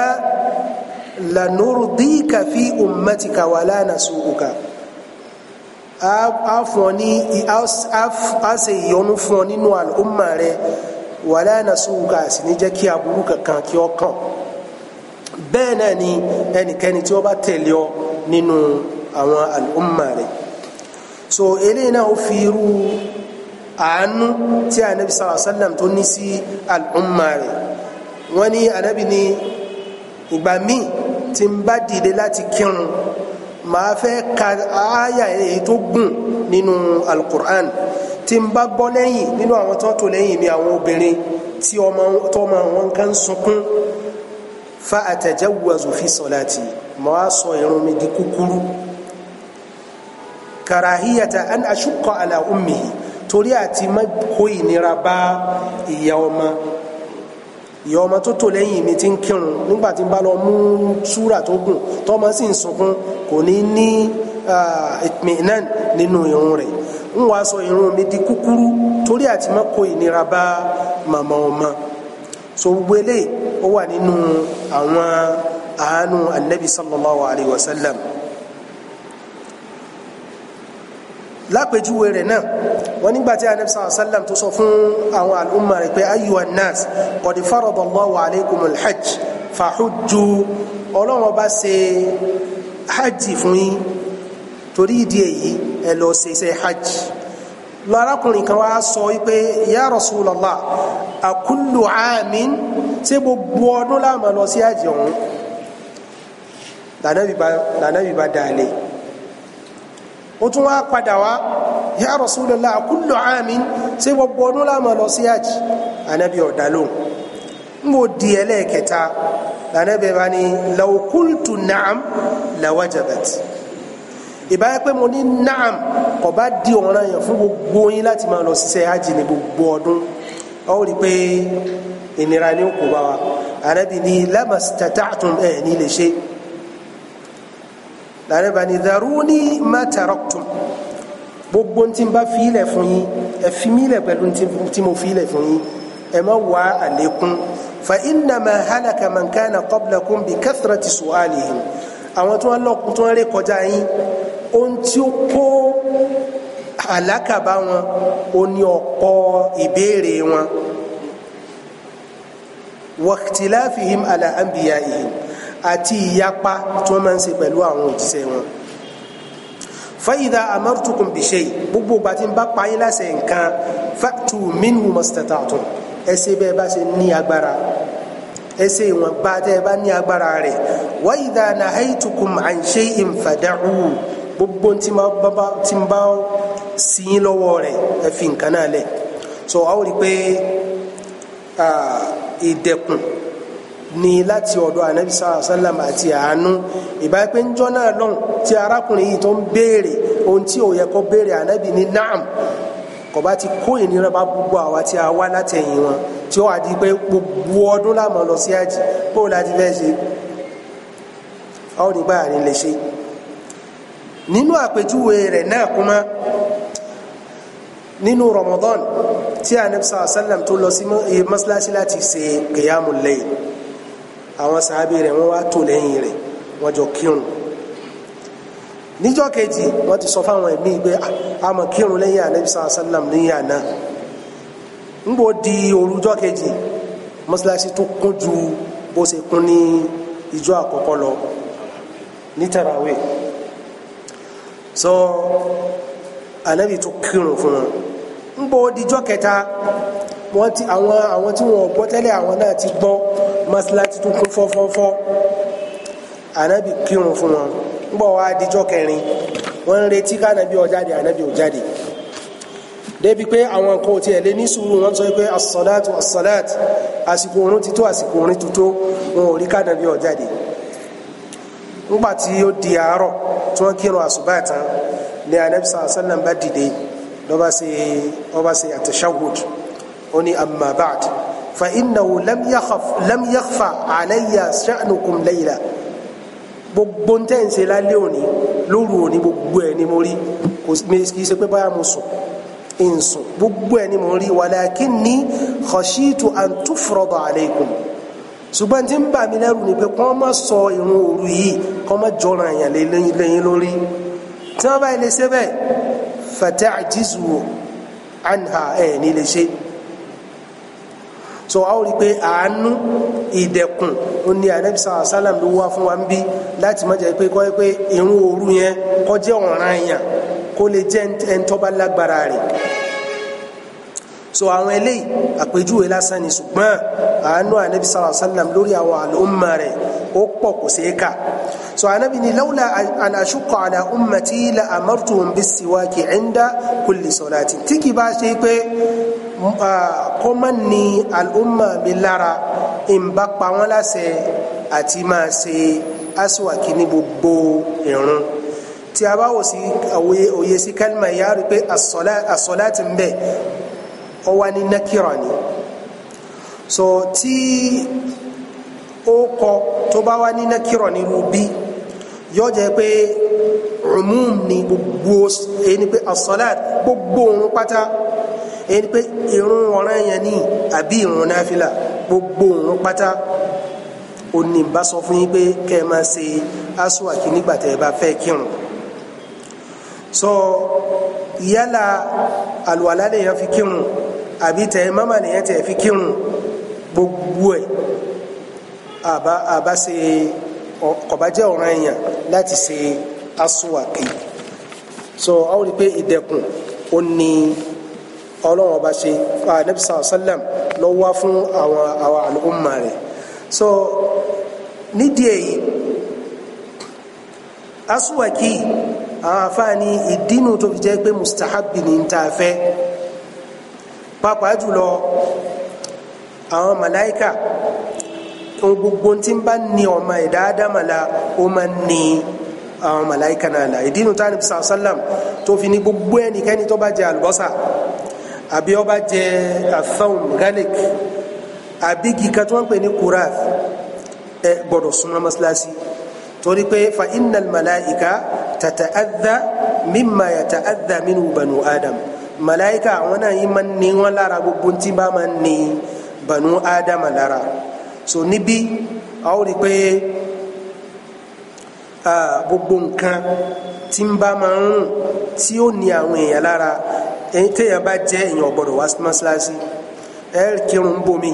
S1: lanurdika fi ummatika wala nasuuka a fún ọ ní a ṣe ìyọnu fún ọ nínú àlùmọ̀ rẹ wàlá nasuuka sì ní jẹ́ kí aburú kankan kí ọ kàn bẹ́ẹ̀ náà ni ẹnikẹ́ni tí ó bá tẹ̀lé ọ nínú àwọn àlùmọ̀ rẹ so eléyìí náà ó fi irú àánú tí anabi sallallahu alayhi tó ní sí àlùmọ̀ rẹ wọ́n ní anabi ní ìgbà míì tí n bá dìde láti kírun màá fẹ́ ka àáyà èyí tó gùn nínú alukur'an tí n bá gbọ́ lẹ́yìn nínú àwọn tó tó lẹ́yìn mi àwọn obìnrin tí ọmọ wọn kan sunkún fa àtẹ̀jáwùwàzù fi sọ̀láàtì màá sọ irun mi di kúkúrú karahiyata an ashukọ ala ummihi torí àti má ìnira bá ìyá ọmọ ìyá ọmọ tó tò lẹ́yìn mi ti ń kírun nígbà tí n bá lọ mú súrà tó gùn tọ́mọ sì ń sunkún kò ní ní ìtmìnán ah, nínú irun rẹ̀ ń wàá sọ irun mi di kúkúrú torí àti má kó ìnira bá màmá ọmọ so gbogbo eléyìí ó wà nínú àwọn àánú anabi sallallahu alayhi wa sallam. lápèjúwe rẹ̀ náà wọ́n nígbàtí anabisa asalam tó sọ fún àwọn al'umma rẹ̀ pé ayyuha nas qad farada Allahu alaykumul hajj fahujju ọlọ́run bá ṣe hajj fún yín torí ìdí èyí ẹ lọ ṣe ṣe hajj lọ́rákùnrin kan wá sọ wípé ya Rasulullah akullu amin ṣé gbogbo ọdún la lọ sí hajj ọ̀hún lànà bíbá dàlẹ́ wọ́n tún wá padà wá ya Rasulullah kullu amin ṣé gbogbo ọdún láàmú lọ sí hajj anabi ọ̀dà lóhùn n bò di ẹlẹ́ẹ̀kẹta anabi bá ní law qultu na'am lawajabat ìbá yẹ pé mo ní na'am kò bá di ọ̀ràn yẹn fún gbogbo yín láti máa lọ ṣiṣẹ́ hajj ní gbogbo ọdún ó rí pé ìnira ni ó bá wa anabi ní lamastata'tum ẹ̀ ní lè ṣe lànà bá ní dharuni ma taraktum gbogbo tí n bá fi ilẹ̀ fún yín ẹ fi mí ilẹ̀ pẹ̀lú tí mo fi ilẹ̀ fún yín ẹ má wá àlékún fa innama halaka man kana qablakum bi kathrati su'alihim àwọn tí wọ́n lọ́kùn tí wọ́n ré kọjá yín ohun tí ó kó àlákàbá wọn ó ní ọ̀pọ̀ ìbéèrè wọn wa ikhtilafihim ala anbiya'ihim àti ìyapa tí wọ́n máa ń ṣe pẹ̀lú àwọn òjíṣẹ́ wọn fayida amartukum bishay gbogbo ìgbà tí n bá pa yín láṣẹ nǹkan fatu minhu mastata'tum ẹ ṣe bẹ́ẹ̀ bá ṣe ní agbára ẹ ṣe ìwọ̀n bá tẹ́ ẹ bá ní agbára rẹ̀ wa idha nahaytukum an shay'in fada'u gbogbo tí n bá sí yín lọ́wọ́ rẹ̀ ẹ fi nǹkan náà lẹ̀ so a ó rí pé ìdẹ̀kùn. Uh, ni láti ọ̀dọ̀ anabi sallallahu alayhi wa sallam àti àánú ìbá pé ń jọ́nà lọ́n tí arákùnrin yìí tó ń béèrè ohun tí ò yẹ kó béèrè anabi ní naam kò bá ti kó ìnira bá gbogbo àwa tí a wá látẹ̀yìn wọn tí ó wà di pé gbogbo ọdún láàmú lọ sí àjì bó láti fẹ́ ṣe a ó nígbà àárín lè ṣe nínú àpèjúwe rẹ̀ náà kúmá nínú Ramadan tí anabi sallallahu alayhi wa sallam tó lọ sí mọ́sálásí eh, láti ṣe qiyamul layl àwọn sàábì rẹ̀ wọ́n wá tò lẹ́yìn rẹ̀ wọ́n jọ kírun níjọ́ kejì wọ́n ti sọ fáwọn ẹ̀mí pé ah, a máa kírun lẹ́yìn anabi sàlá sàlám lẹ́yìn àná ngbò di òrujọ́ kejì mọ́sálásí tó kún ju bó ṣe kún ní ìjọ àkọ́kọ́ lọ ní tàràwé so anabi tó kírun fún wọn ngbò dijọ́ kẹta wọ́n ti àwọn àwọn tí wọ́n gbọ́ tẹ́lẹ̀ àwọn náà ti gbọ́ mọ́sálásí tó kún fọ́fọ́fọ́ ànábì kírun fún wọn nígbà wá díjọ́ kẹrin wọ́n ń retí kánábì ó jáde ànábì ó jáde débi pé àwọn nǹkan ò tiẹ̀ lé ní sùúrù wọ́n sọ pé asọ́láàtù asọ́láàtù àsìkò òrùn ti tó àsìkò òrùn ti tó wọn ò rí kánábì ó nígbà tí ó di àárọ̀ tí wọ́n kírun àsùbá tán ni ànábì sàlám dìde lọ́ba ṣe ọba ó ní amma فإنه لم يخف لم يخفى علي شأنكم ليلة gbogbo ń tẹ́ ń ṣe lálẹ́ òní lóru òní gbogbo ẹ̀ ni mo rí kò kì í ṣe pé báyà mo sùn ń sùn gbogbo ẹ̀ ni mo rí walakinni khashitu an tufrada alaykum ṣùgbọ́n tí ń bà mí lẹ́rù ni pé kọ́n má sọ ìrun òru yìí kọ́n má jọra èèyàn lẹ́yìn lórí tí wọ́n bá ilé ṣe bẹ́ẹ̀ fata'jizu anha ẹ̀ ní lè ṣe so a ó rí i pé àánú ìdẹ̀kùn ó ní anabi sàlá sàlám ló wá fún wa ń bí láti má jẹ́ pé kọ́ ẹ pé irun òru yẹn kọ́ jẹ́ ọ̀ràn èèyàn kó lè jẹ́ ẹnitọ́ba lágbára so àwọn eléyìí àpèjúwe lásán ni ṣùgbọ́n àánú anabi sàlá sàlám lórí àwọn àlùmọ́ rẹ̀ ó pọ̀ kò ṣeé kà so anabi ni lawla an ashuqa ala ummati la amartuhum bis siwaki inda kulli salati tí kì bá ṣe pé kọ́mọ̀ ah, ní al'umma mi lára ìbá pa wọ́n láṣẹ àti máa ṣe aswaki ní gbogbo ìrun tí a bá wò sí òye sí kálmà yá rí pé as ń bẹ ọ wá ní nakira ni so tí ó kọ tó bá wá ní nakira ní rubí yóò jẹ́ pé umum ni gbogbo ẹni pé as gbogbo òun pátá ẹni pé irun ọ̀ràn yẹn ní àbí irun náfìlà gbogbo òun pátá ó ní bá sọ fún yín pé kẹ́ ẹ máa ṣe aṣọ́àkí nígbà tẹ́ ẹ bá fẹ́ kírun sọ yálà àlùwàlá lèèyàn fi kírun àbí tẹ ẹ mọ́mà lèèyàn tẹ̀ fi kírun gbogbo ẹ̀ àbá àbá ṣe kọ̀bá ọ̀ràn èèyàn láti ṣe aṣọ́àkí so a ó rí i pé ìdẹ̀kùn ó ní nǹkan ọlọ́run ọba ṣe anabi sallallahu alayhi wa sallam lọ wá fún àwọn àwọn àlùmọ rẹ so nídìí èyí aswaki àwọn afáàní ìdínú tó fi jẹ́ pé mustahabi ní ta fẹ́ pàápàá jùlọ àwọn màláìka ohun gbogbo tí ń bá ní ọmọ ẹ̀dá ádámàlà ó máa ń ní àwọn màláìka náà là ìdínú tánibisa sálàm tó fi ní gbogbo ẹnikẹ́ni tó bá jẹ àlùbọ́sà àbí ọba jẹ afẹ́hùn garlic àbí gíga tí wọ́n pè ní kura ẹ gbọ́dọ̀ súnmọ́ mọ́sálásí torí pé fa innal malaika tata'adha mimma yata'adha minhu banu adam malaika àwọn náà yìí máa ń ní wọn lára gbogbo tí bá máa ń ní banu adam lára so níbí a rí pé gbogbo nǹkan tí bá máa ń rùn tí ó ní àwọn èèyàn lára èyí téèyàn bá jẹ́ èèyàn gbọ́dọ̀ wá mọ́ṣáláṣí ẹ kírun ń bomi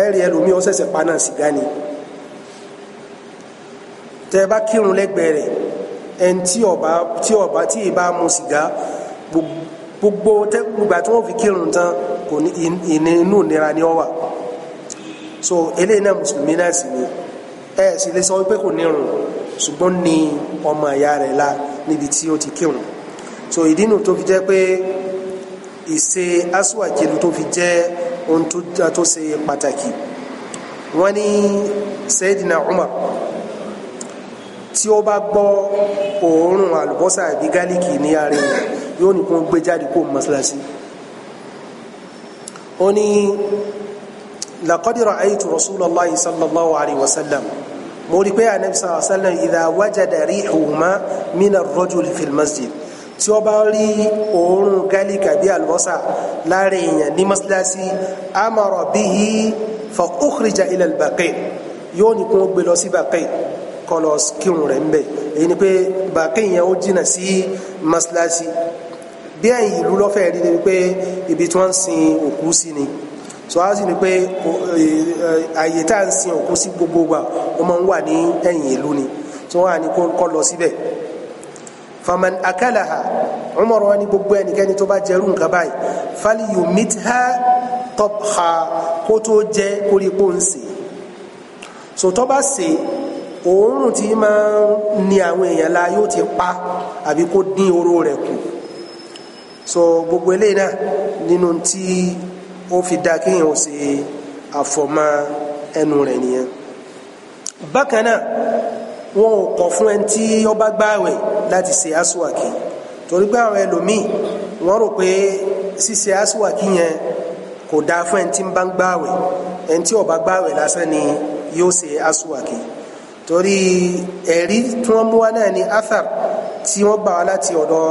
S1: ẹ rí ẹlòmíì ó ṣẹ̀ṣẹ̀ pa náà sìgá ni tẹ bá kírun lẹ́gbẹ̀ẹ́ rẹ̀ ẹni tí ọba tí ọba tí ì bá mu sìgá gbogbo tẹ́gbùgbà tí wọ́n fi kírun tán kò ní inú ìnira ni ọ wà so eléyìí náà mùsùlùmí náà sì ni ẹ sì lè sọ pé kò nírun ṣùgbọ́n ní ọmọ ìyá rẹ̀ la níbi tí ó ti kírun so ìdí nu tó fi jẹ́ pé ìṣe aswaki tó fi jẹ́ ohun tó ṣe pàtàkì wọ́n ní Sayyidina Umar tí ó bá gbọ́ òórùn àlùbọ́sà àbí gálíkì ní ààrẹ rẹ̀ yóò ní kó gbé jáde kó mọ́ṣáláṣí ó ní laqad ra'aytu Rasulullahi sallallahu alayhi wa sallam mo rí pé anabi sallallahu alayhi wa sallam idha wajada rihuma mina ar-rajuli fil masjid tí ó bá rí òórùn gálíkà bí àlùbọ́sà lára èèyàn ní mọ́síláṣí amara bihi fa ukhrija ila al-baqi yóò ní kó gbé lọ sí bàkì kọlọ kírun rẹ̀ ń bẹ̀ èyí ni pé bàkì yẹn ó jìnà sí mọ́síláṣí bí ẹ̀yìn ìlú lọ́fẹ̀ẹ́ rí ni pé ibi tí wọ́n ń sin òkú sí ni so a sì ní pé àyè tá à ń sin òkú sí gbogbo wa ó máa ń wà ní ẹ̀yìn ìlú ni tí wọ́n á ní kó lọ síbẹ̀ faman akalaha Umar wá ní gbogbo ẹnikẹ́ni tó bá jẹrú nǹkan báyìí fali yumitha tọpha kó tó jẹ kórí pò ń sè so tó bá sè òórùn tí máa ń ni àwọn èèyàn la yóò ti pa àbí kó dín oró rẹ̀ kù so gbogbo eléyìí náà nínú tí ó fi da kéèyàn ó ṣe àfọ̀mọ́ ẹnu rẹ̀ nìyẹn bákan náà wọn ò kọ̀ fún ẹni tí ó bá gbààwẹ̀ láti ṣe aswaki torí pé àwọn ẹlòmíì wọ́n rò pé ṣíṣe aswaki yẹn kò dáa fún ẹni tí ń bá ń gbààwẹ̀ ẹni tí ó bá gbààwẹ̀ lásán ni yóò ṣe aswaki torí ẹ̀rí tí wọ́n mú wá náà ni athar tí wọ́n gbà wá láti ọ̀dọ̀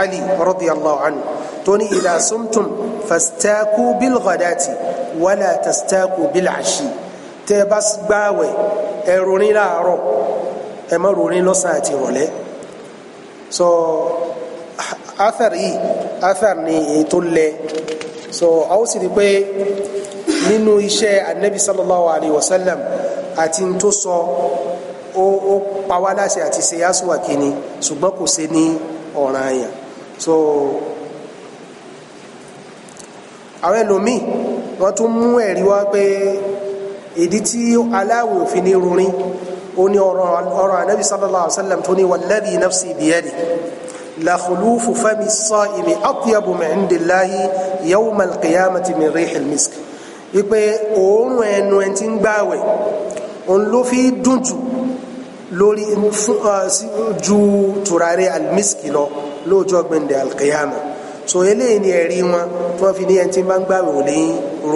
S1: ali radiyallahu anhu tó ní idha sumtum fastaku bilghadati wala tastaku bilashi tẹ́ bá gbààwẹ̀ ẹ̀rù ní láàárọ̀ ẹ má rorin lọ́sàn àti ìrọ̀lẹ́ so athar yìí athar ni èyí tó lẹ so a ó sì rí pé nínú iṣẹ́ anabi sallallahu alayhi wa sallam àti n tó sọ ó ó pa wá láṣẹ àti ṣe yásùwà kínní ṣùgbọ́n kò ṣe ní ọ̀ràn àyàn so àwọn ẹlòmíì wọ́n tún mú ẹ̀rí wá pé ìdí tí aláwẹ̀ òfin ní rorin ó ní ọ̀rọ̀ anabi sallallahu alayhi wa sallam tó ní walladhi nafsi biyadi la khulufu fami sa'imi atyabu min indillahi yawma alqiyamati min rihil misk wípé òórùn ẹnu ẹni tí ń gbààwẹ̀ òun ló fi dùn jù lórí uh, ju tùràrí almiski lọ lọ́jọ́ gbẹ̀ndẹ̀ alqiyama so eléyìí ni ẹ̀rí wọn tí wọ́n fi ní ẹni tí ń bá ń gbààwẹ̀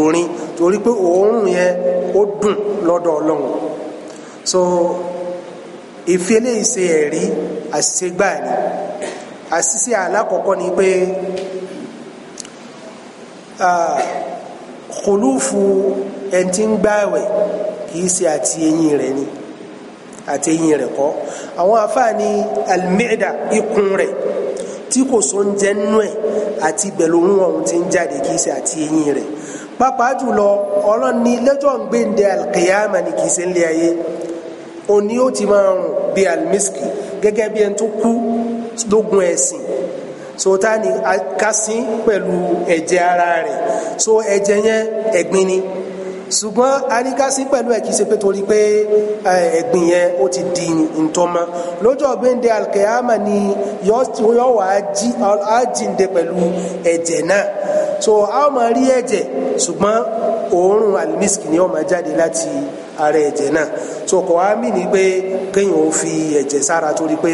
S1: ò lè torí pé òórùn yẹn ó dùn lọ́dọ̀ ọlọ́run so ìfẹ́lẹ́ ìṣe ẹ̀rí àṣìṣe gbáà ni àṣìṣe alákọ̀ọ́kọ́ ni pé kòlúfù ẹni tí ń gbààwẹ̀ kìí ṣe àti eyín rẹ̀ ni àti eyín rẹ̀ kọ́ àwọn afáàní alimẹ́ẹ̀dà ikùn rẹ̀ tí kò so ń jẹ́ nínú ẹ̀ e, àti bẹ̀lóhùn ọ̀hún ti ń jáde kìí ṣe àti eyín rẹ̀ pàápàá jùlọ ọlọ́ni lẹ́jọ́ ń gbé ń dẹ ni kìí ṣe ń lé ayé òní ó ti máa rùn bí alimiski gẹ́gẹ́ bí ẹni tó kú lógun ẹ̀sìn so ta ni kásín pẹ̀lú ẹ̀jẹ̀ ara rẹ̀ so ẹ̀jẹ̀ yẹn ẹ̀gbin ni ṣùgbọ́n a ní kásín pẹ̀lú ẹ̀ kì í ṣe pé torí pé ẹ̀gbin yẹn ó ti di ntọ́mọ lọ́jọ́ gbẹ́ndé alkeyama ni yọ wà á jíǹde pẹ̀lú ẹ̀jẹ̀ náà so a máa rí ẹ̀jẹ̀ ṣùgbọ́n òórùn alimisk ni ó máa jáde láti ẹ̀jẹ̀ ara ẹ̀jẹ̀ náà so kò mí ni pé kéèyàn ó fi ẹ̀jẹ̀ sára torí pé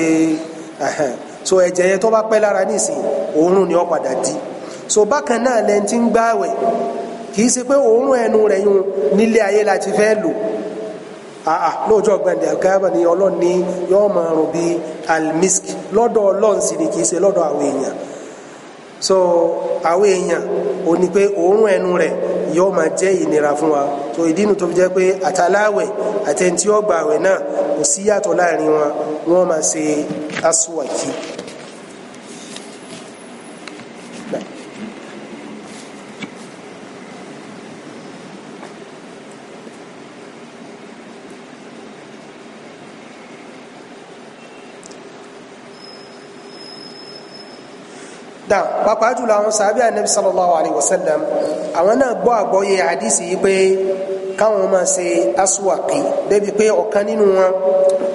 S1: so ẹ̀jẹ̀ yẹn tó bá pẹ lára òórùn ni ó padà di so bákan náà lẹ́ni tí ń gbààwẹ̀ kì í ṣe pé òórùn ẹnu rẹ̀ yun nílé ayé la ti fẹ́ lò àà lóòjọ́ ni ọlọ́run ní yọ́ọ́ máa rùn bíi almisk ni ṣe lọ́dọ̀ so àwọn èèyàn ò ní ẹnu rẹ̀ yóò máa jẹ́ ìnira fún wa tó ìdí nu tó fi jẹ́ pé àtàláwẹ̀ àtẹ̀ntí ọgbà àwẹ̀ náà kò sí yàtọ̀ láàrin wọn wọ́n máa ṣe aṣọ àkíyè. dà pàápàá jùlọ àwọn sàbí anabi sallallahu alayhi wa sallam àwọn náà gbọ́ àgbọ́yé àdìsí yìí pé káwọn máa ṣe aswaki débi pé ọ̀kan nínú wọn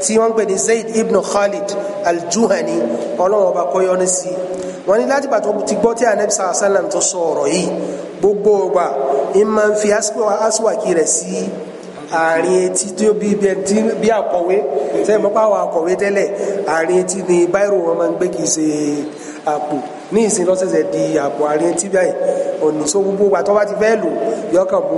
S1: tí wọ́n ń pè ní Zayd ibn Khalid al-Juhani ọlọ́wọ́n ọba kọ́yọ́nù sí wọ́n ní láti pàtó ti gbọ́ tí anabi sallallahu alayhi wa sallam tó sọ ọ̀rọ̀ yìí gbogbo ọgbà ń máa ń fi aswaki rẹ̀ sí àárín etí tí ó bí àkọ̀wé tẹ́ mọ́pá àwọn àkọ̀wé tẹ́lẹ̀ àárín etí ni báírò wọn máa ń gbé kì í ṣe àpò. ní ìsìn lọ́sẹ̀sẹ̀ di àpò àárín tí báyìí òní so gbogbo wa tó bá ti fẹ́ lò yọkàn mú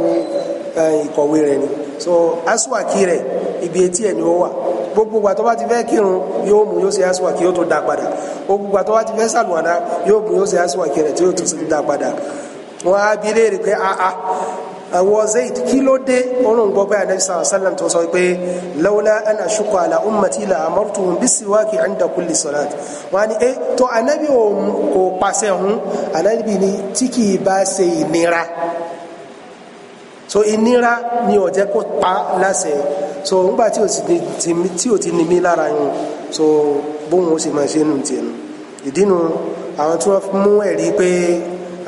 S1: ìkọ̀wé rẹ̀ ni so aswaki rẹ̀ ibi etí ẹ̀ ni ó wà gbogbo wa tó bá ti fẹ́ kírun yóò mú yóò ṣe yóò tó da padà gbogbo wa tó bá ti fẹ́ sàlùwàdà yóò mú yóò da padà wọn a àwọn zayd kí ló dé ọlọ́run gbọ́ pé anabi tó sọ pé lawla an ashuqa ala ummati la amartuhum bisiwaki inda kulli salat wọn ni ẹ eh, tó anabi kò pàṣẹ hun anabi ni tí kì í bá ṣe ìnira so ìnira ni ó jẹ́ kó pa láṣẹ so nígbà tí o ti ní mi lára yun so bóun ó sì máa ṣe nù tiẹ̀ nù ìdínú àwọn tí wọ́n mú ẹ̀rí pé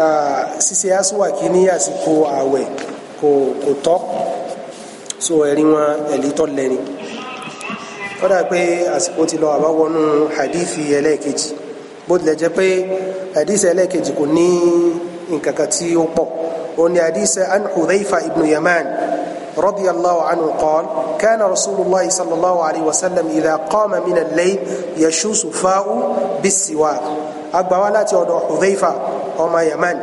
S1: ah, ṣíṣe aṣọ wà àsìkò ààwẹ̀ kò kò tọ́ so ẹ̀rí wọn ẹ̀lí tọ́ lẹ́ni kọ́dà pé àsìkò ti lọ àbáwọnú hadithi ẹlẹ́ẹ̀kejì bó tilẹ̀ jẹ́ pé hadithi ẹlẹ́ẹ̀kejì kò ní nǹkan kan tí ó pọ̀ ó ní hadithi an ibn Yaman رضي الله عنه قال كان رسول الله صلى الله عليه وسلم إذا قام من الليل يشوس فاء بالسواك أبوالا تيودو حذيفة وما يمان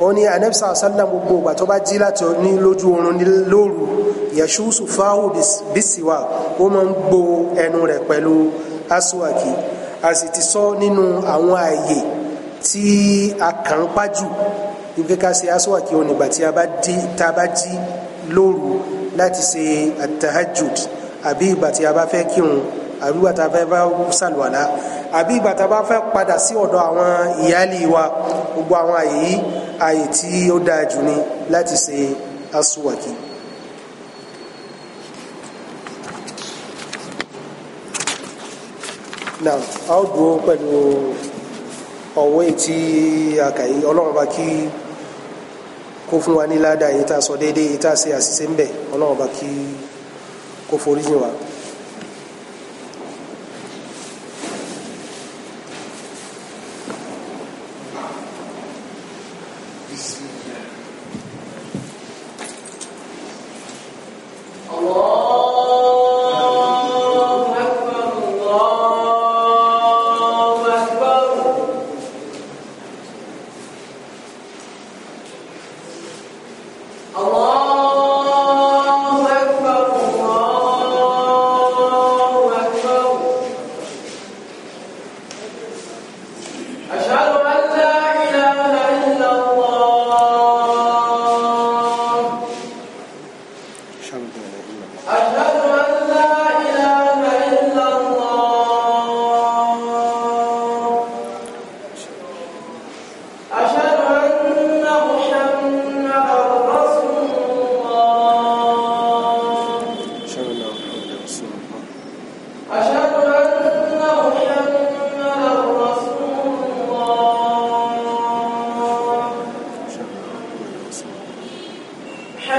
S1: ó ní anabisa sallam gbogbo ìgbà tó bá jí láti ní lójú oorun ní lóru yasusu fahu bisiwa ó máa ń gbo ẹnu rẹ̀ pẹ̀lú aswaki a sì ti sọ nínú àwọn ààyè tí a kàn pájù ibi ká ṣe aswaki ó nígbà tí a bá jí lóru láti ṣe atahajud àbí ìgbà tí a bá fẹ́ kírun àbí ìgbà tí a fẹ́ bá sàlùwàlá àbí ìgbà tí a bá fẹ́ padà sí ọ̀dọ̀ àwọn ìyáálé wa gbogbo àwọn àyè yìí àyè tí ó dáa jù ni láti ṣe aswaki. now a ó dúró pẹ̀lú ọ̀wọ́ etí àkàyè ọlọ́run bá kí kó fún wa ní ládàá èyí tá a sọ déédéé èyí tá a ń bẹ̀ ọlọ́run kí kó forí jìn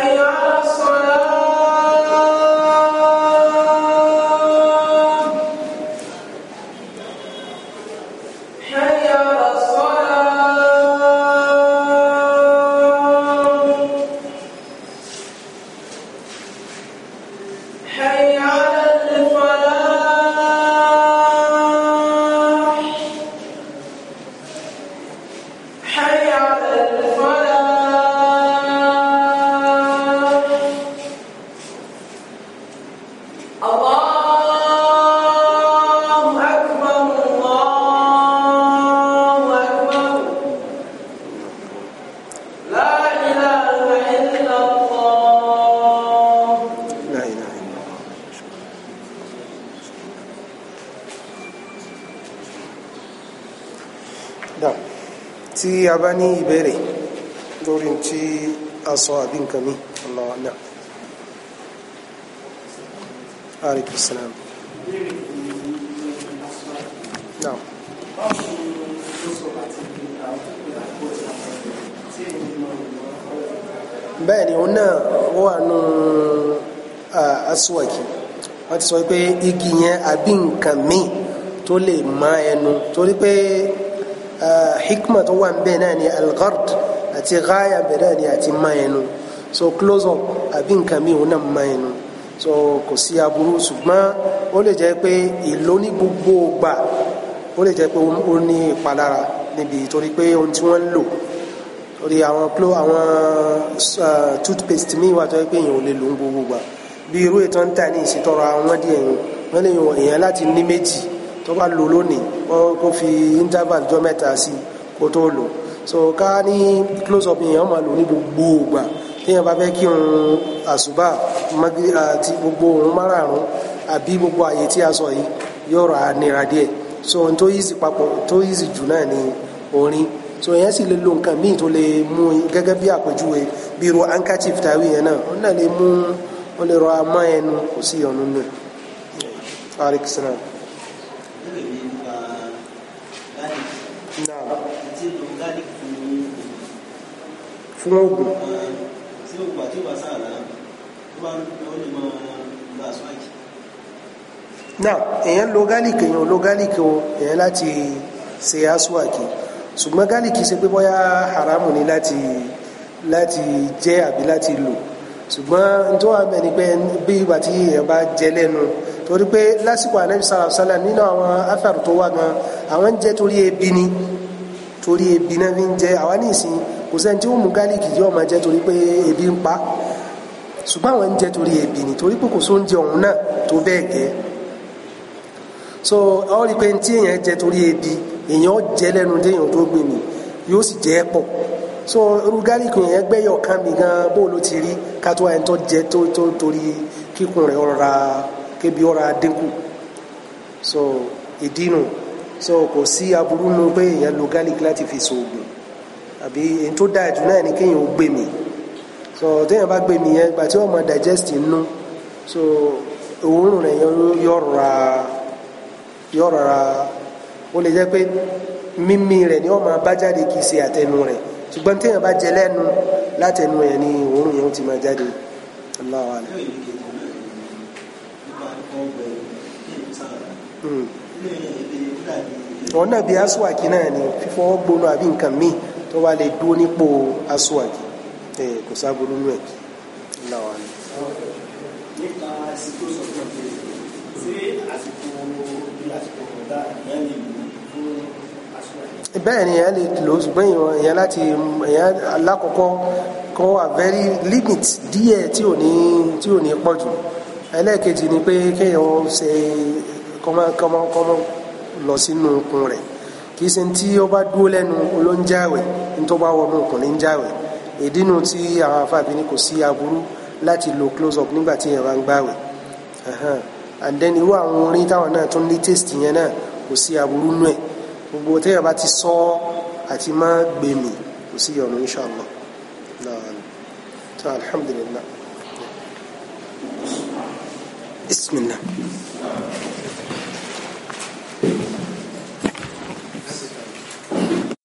S1: ganhar a a bá ní ìbéèrè lórí tí a sọ àbí nǹkan mi ọlọ́wọ́ náà aleykum salaam náà. bẹ́ẹ̀ ni òun náà wà nù aswaki wọ́n ti sọ pé igi yẹn àbí tó lè má ẹnu torí pé hikma tó wà ń bẹ náà ni alghard àti ghaya bẹ náà ni àti mayenu so close up àbí nǹkan mi ò náà mayenu so kò sí aburú ṣùgbọ́n ó lè jẹ́ pé ìlò ní gbogbo gbà ó lè jẹ́ pé ó ní ìpalára níbi torí pé ohun tí wọ́n ń lò torí àwọn klo àwọn toothpaste mi wà tó yẹ pé èèyàn ò lè lò ń gbogbo gbà bí irú ètò ń tà ní ìṣètọrọ àwọn díẹ̀ yìí wọ́n lè yàn láti ní méjì tó bá lò lónìí wọ́n kó fi interval jọ mẹ́ta sí i kó tó lò so ká ní close up yẹn wọ́n máa lò ní gbogbo ìgbà téèyàn bá fẹ́ kí n àṣùbà àti gbogbo òun márààrún àbí gbogbo àyè tí a sọ yìí yóò rà á nira díẹ̀ so ohun tó easy papọ̀ tó easy jù náà ni orin so èèyàn sì lè lo nǹkan míì tó lè mú gẹ́gẹ́ bí àpèjúwe bí irú handkerchief tàwí yẹn náà ó náà lè mú ó lè rọ amá ẹnu kò sí ọ̀nù náà. fún ogun tí ó gbà tí ó bá sáàlá tó bá ó lè mọ ìgbà àsúwáìkì. náà èèyàn lo gálíkì èèyàn lo gálíkì o èèyàn láti ṣe àsúwáìkì ṣùgbọ́n gálíkì ṣe pé bóyá haramu ni láti láti jẹ àbí láti lò ṣùgbọ́n tó wà mẹ́ni pé bí ìgbà tí èèyàn bá jẹ lẹ́nu. No torí pé lásìkò anabi sallallahu alaihi wasallam nínú àwọn afẹ́rù tó wá gan àwọn ń jẹ torí ebi ni torí ebi náà fi ń jẹ àwa ní ìsìn kò sẹ́ni tí ó mú gálíìkì yóò máa jẹ torí pé ebi ń pa ṣùgbọ́n àwọn ń jẹ torí ebi ni torí pé kò sóúnjẹ ọ̀hún náà tó bẹ́ẹ̀ gẹ́ so ọ rí i pé tí èèyàn jẹ torí ebi èèyàn jẹ lẹ́nu déèyàn tó gbìn mí yóò sì jẹ pọ̀ so irú gálíìkì yẹn gbẹ́yọ̀ kan mi gan bó ló ti rí ká tó ẹni tó jẹ tó torí kíkùn rẹ̀ ọ̀rọ̀ kébi ọ̀rọ̀ adínkù so ìdínú so kò sí aburú nu pé èèyàn lo garlic láti fi ṣoògùn àbí èyí tó dáa jù náà ni kéèyàn ó gbé mi so téèyàn bá gbé mi yẹn gbà tí wọ́n digest nù so òórùn rẹ̀ yọ rọra yọ rọra ó lè jẹ́ pé mímí rẹ̀ ni wọ́n máa bá jáde kì í ṣe àtẹnu rẹ̀ ṣùgbọ́n téèyàn bá jẹ lẹ́nu látẹnu yẹn ni òórùn yẹn ó ti máa jáde wọn náà bí aswaki náà ni fífọwọ́ gbóná àbí nǹkan míì tó bá lè dúró nípò aswaki kò sábòrò nù ẹ̀ náà ni. nípa àsìkò sọ̀tún ọ̀gbìn sí àsìkò bí àsìkò ọ̀dà ìyá lè lò fún aswaki. bẹ́ẹ̀ ni èèyàn lè lò ṣùgbọ́n èèyàn láti èèyàn alákọ̀ọ́kọ́ kọ́ wà very limit díẹ̀ tí ò ní pọ̀ jù ẹlẹ́ẹ̀kejì ni pé kéèyàn ṣe kọ́mọ́kọ́mọ́ lọ sínú okun rẹ̀ kì í ṣe tí ó bá dúró lẹ́nu ló ń jáwẹ̀ ní tó bá wọnú okun ní ń jáwẹ̀ ìdínú tí àwọn afáàbí ni kò sí aburú láti lo close up nígbà tí èèyàn bá ń gbàwẹ̀ and then irú àwọn orin táwọn náà tún ní taste yẹn náà kò sí aburú nú ẹ̀ gbogbo téèyàn bá ti sọ ọ́ àti má gbèmí kò sí ìyọnu inshallah náà tó alhamdulillah. بسم الله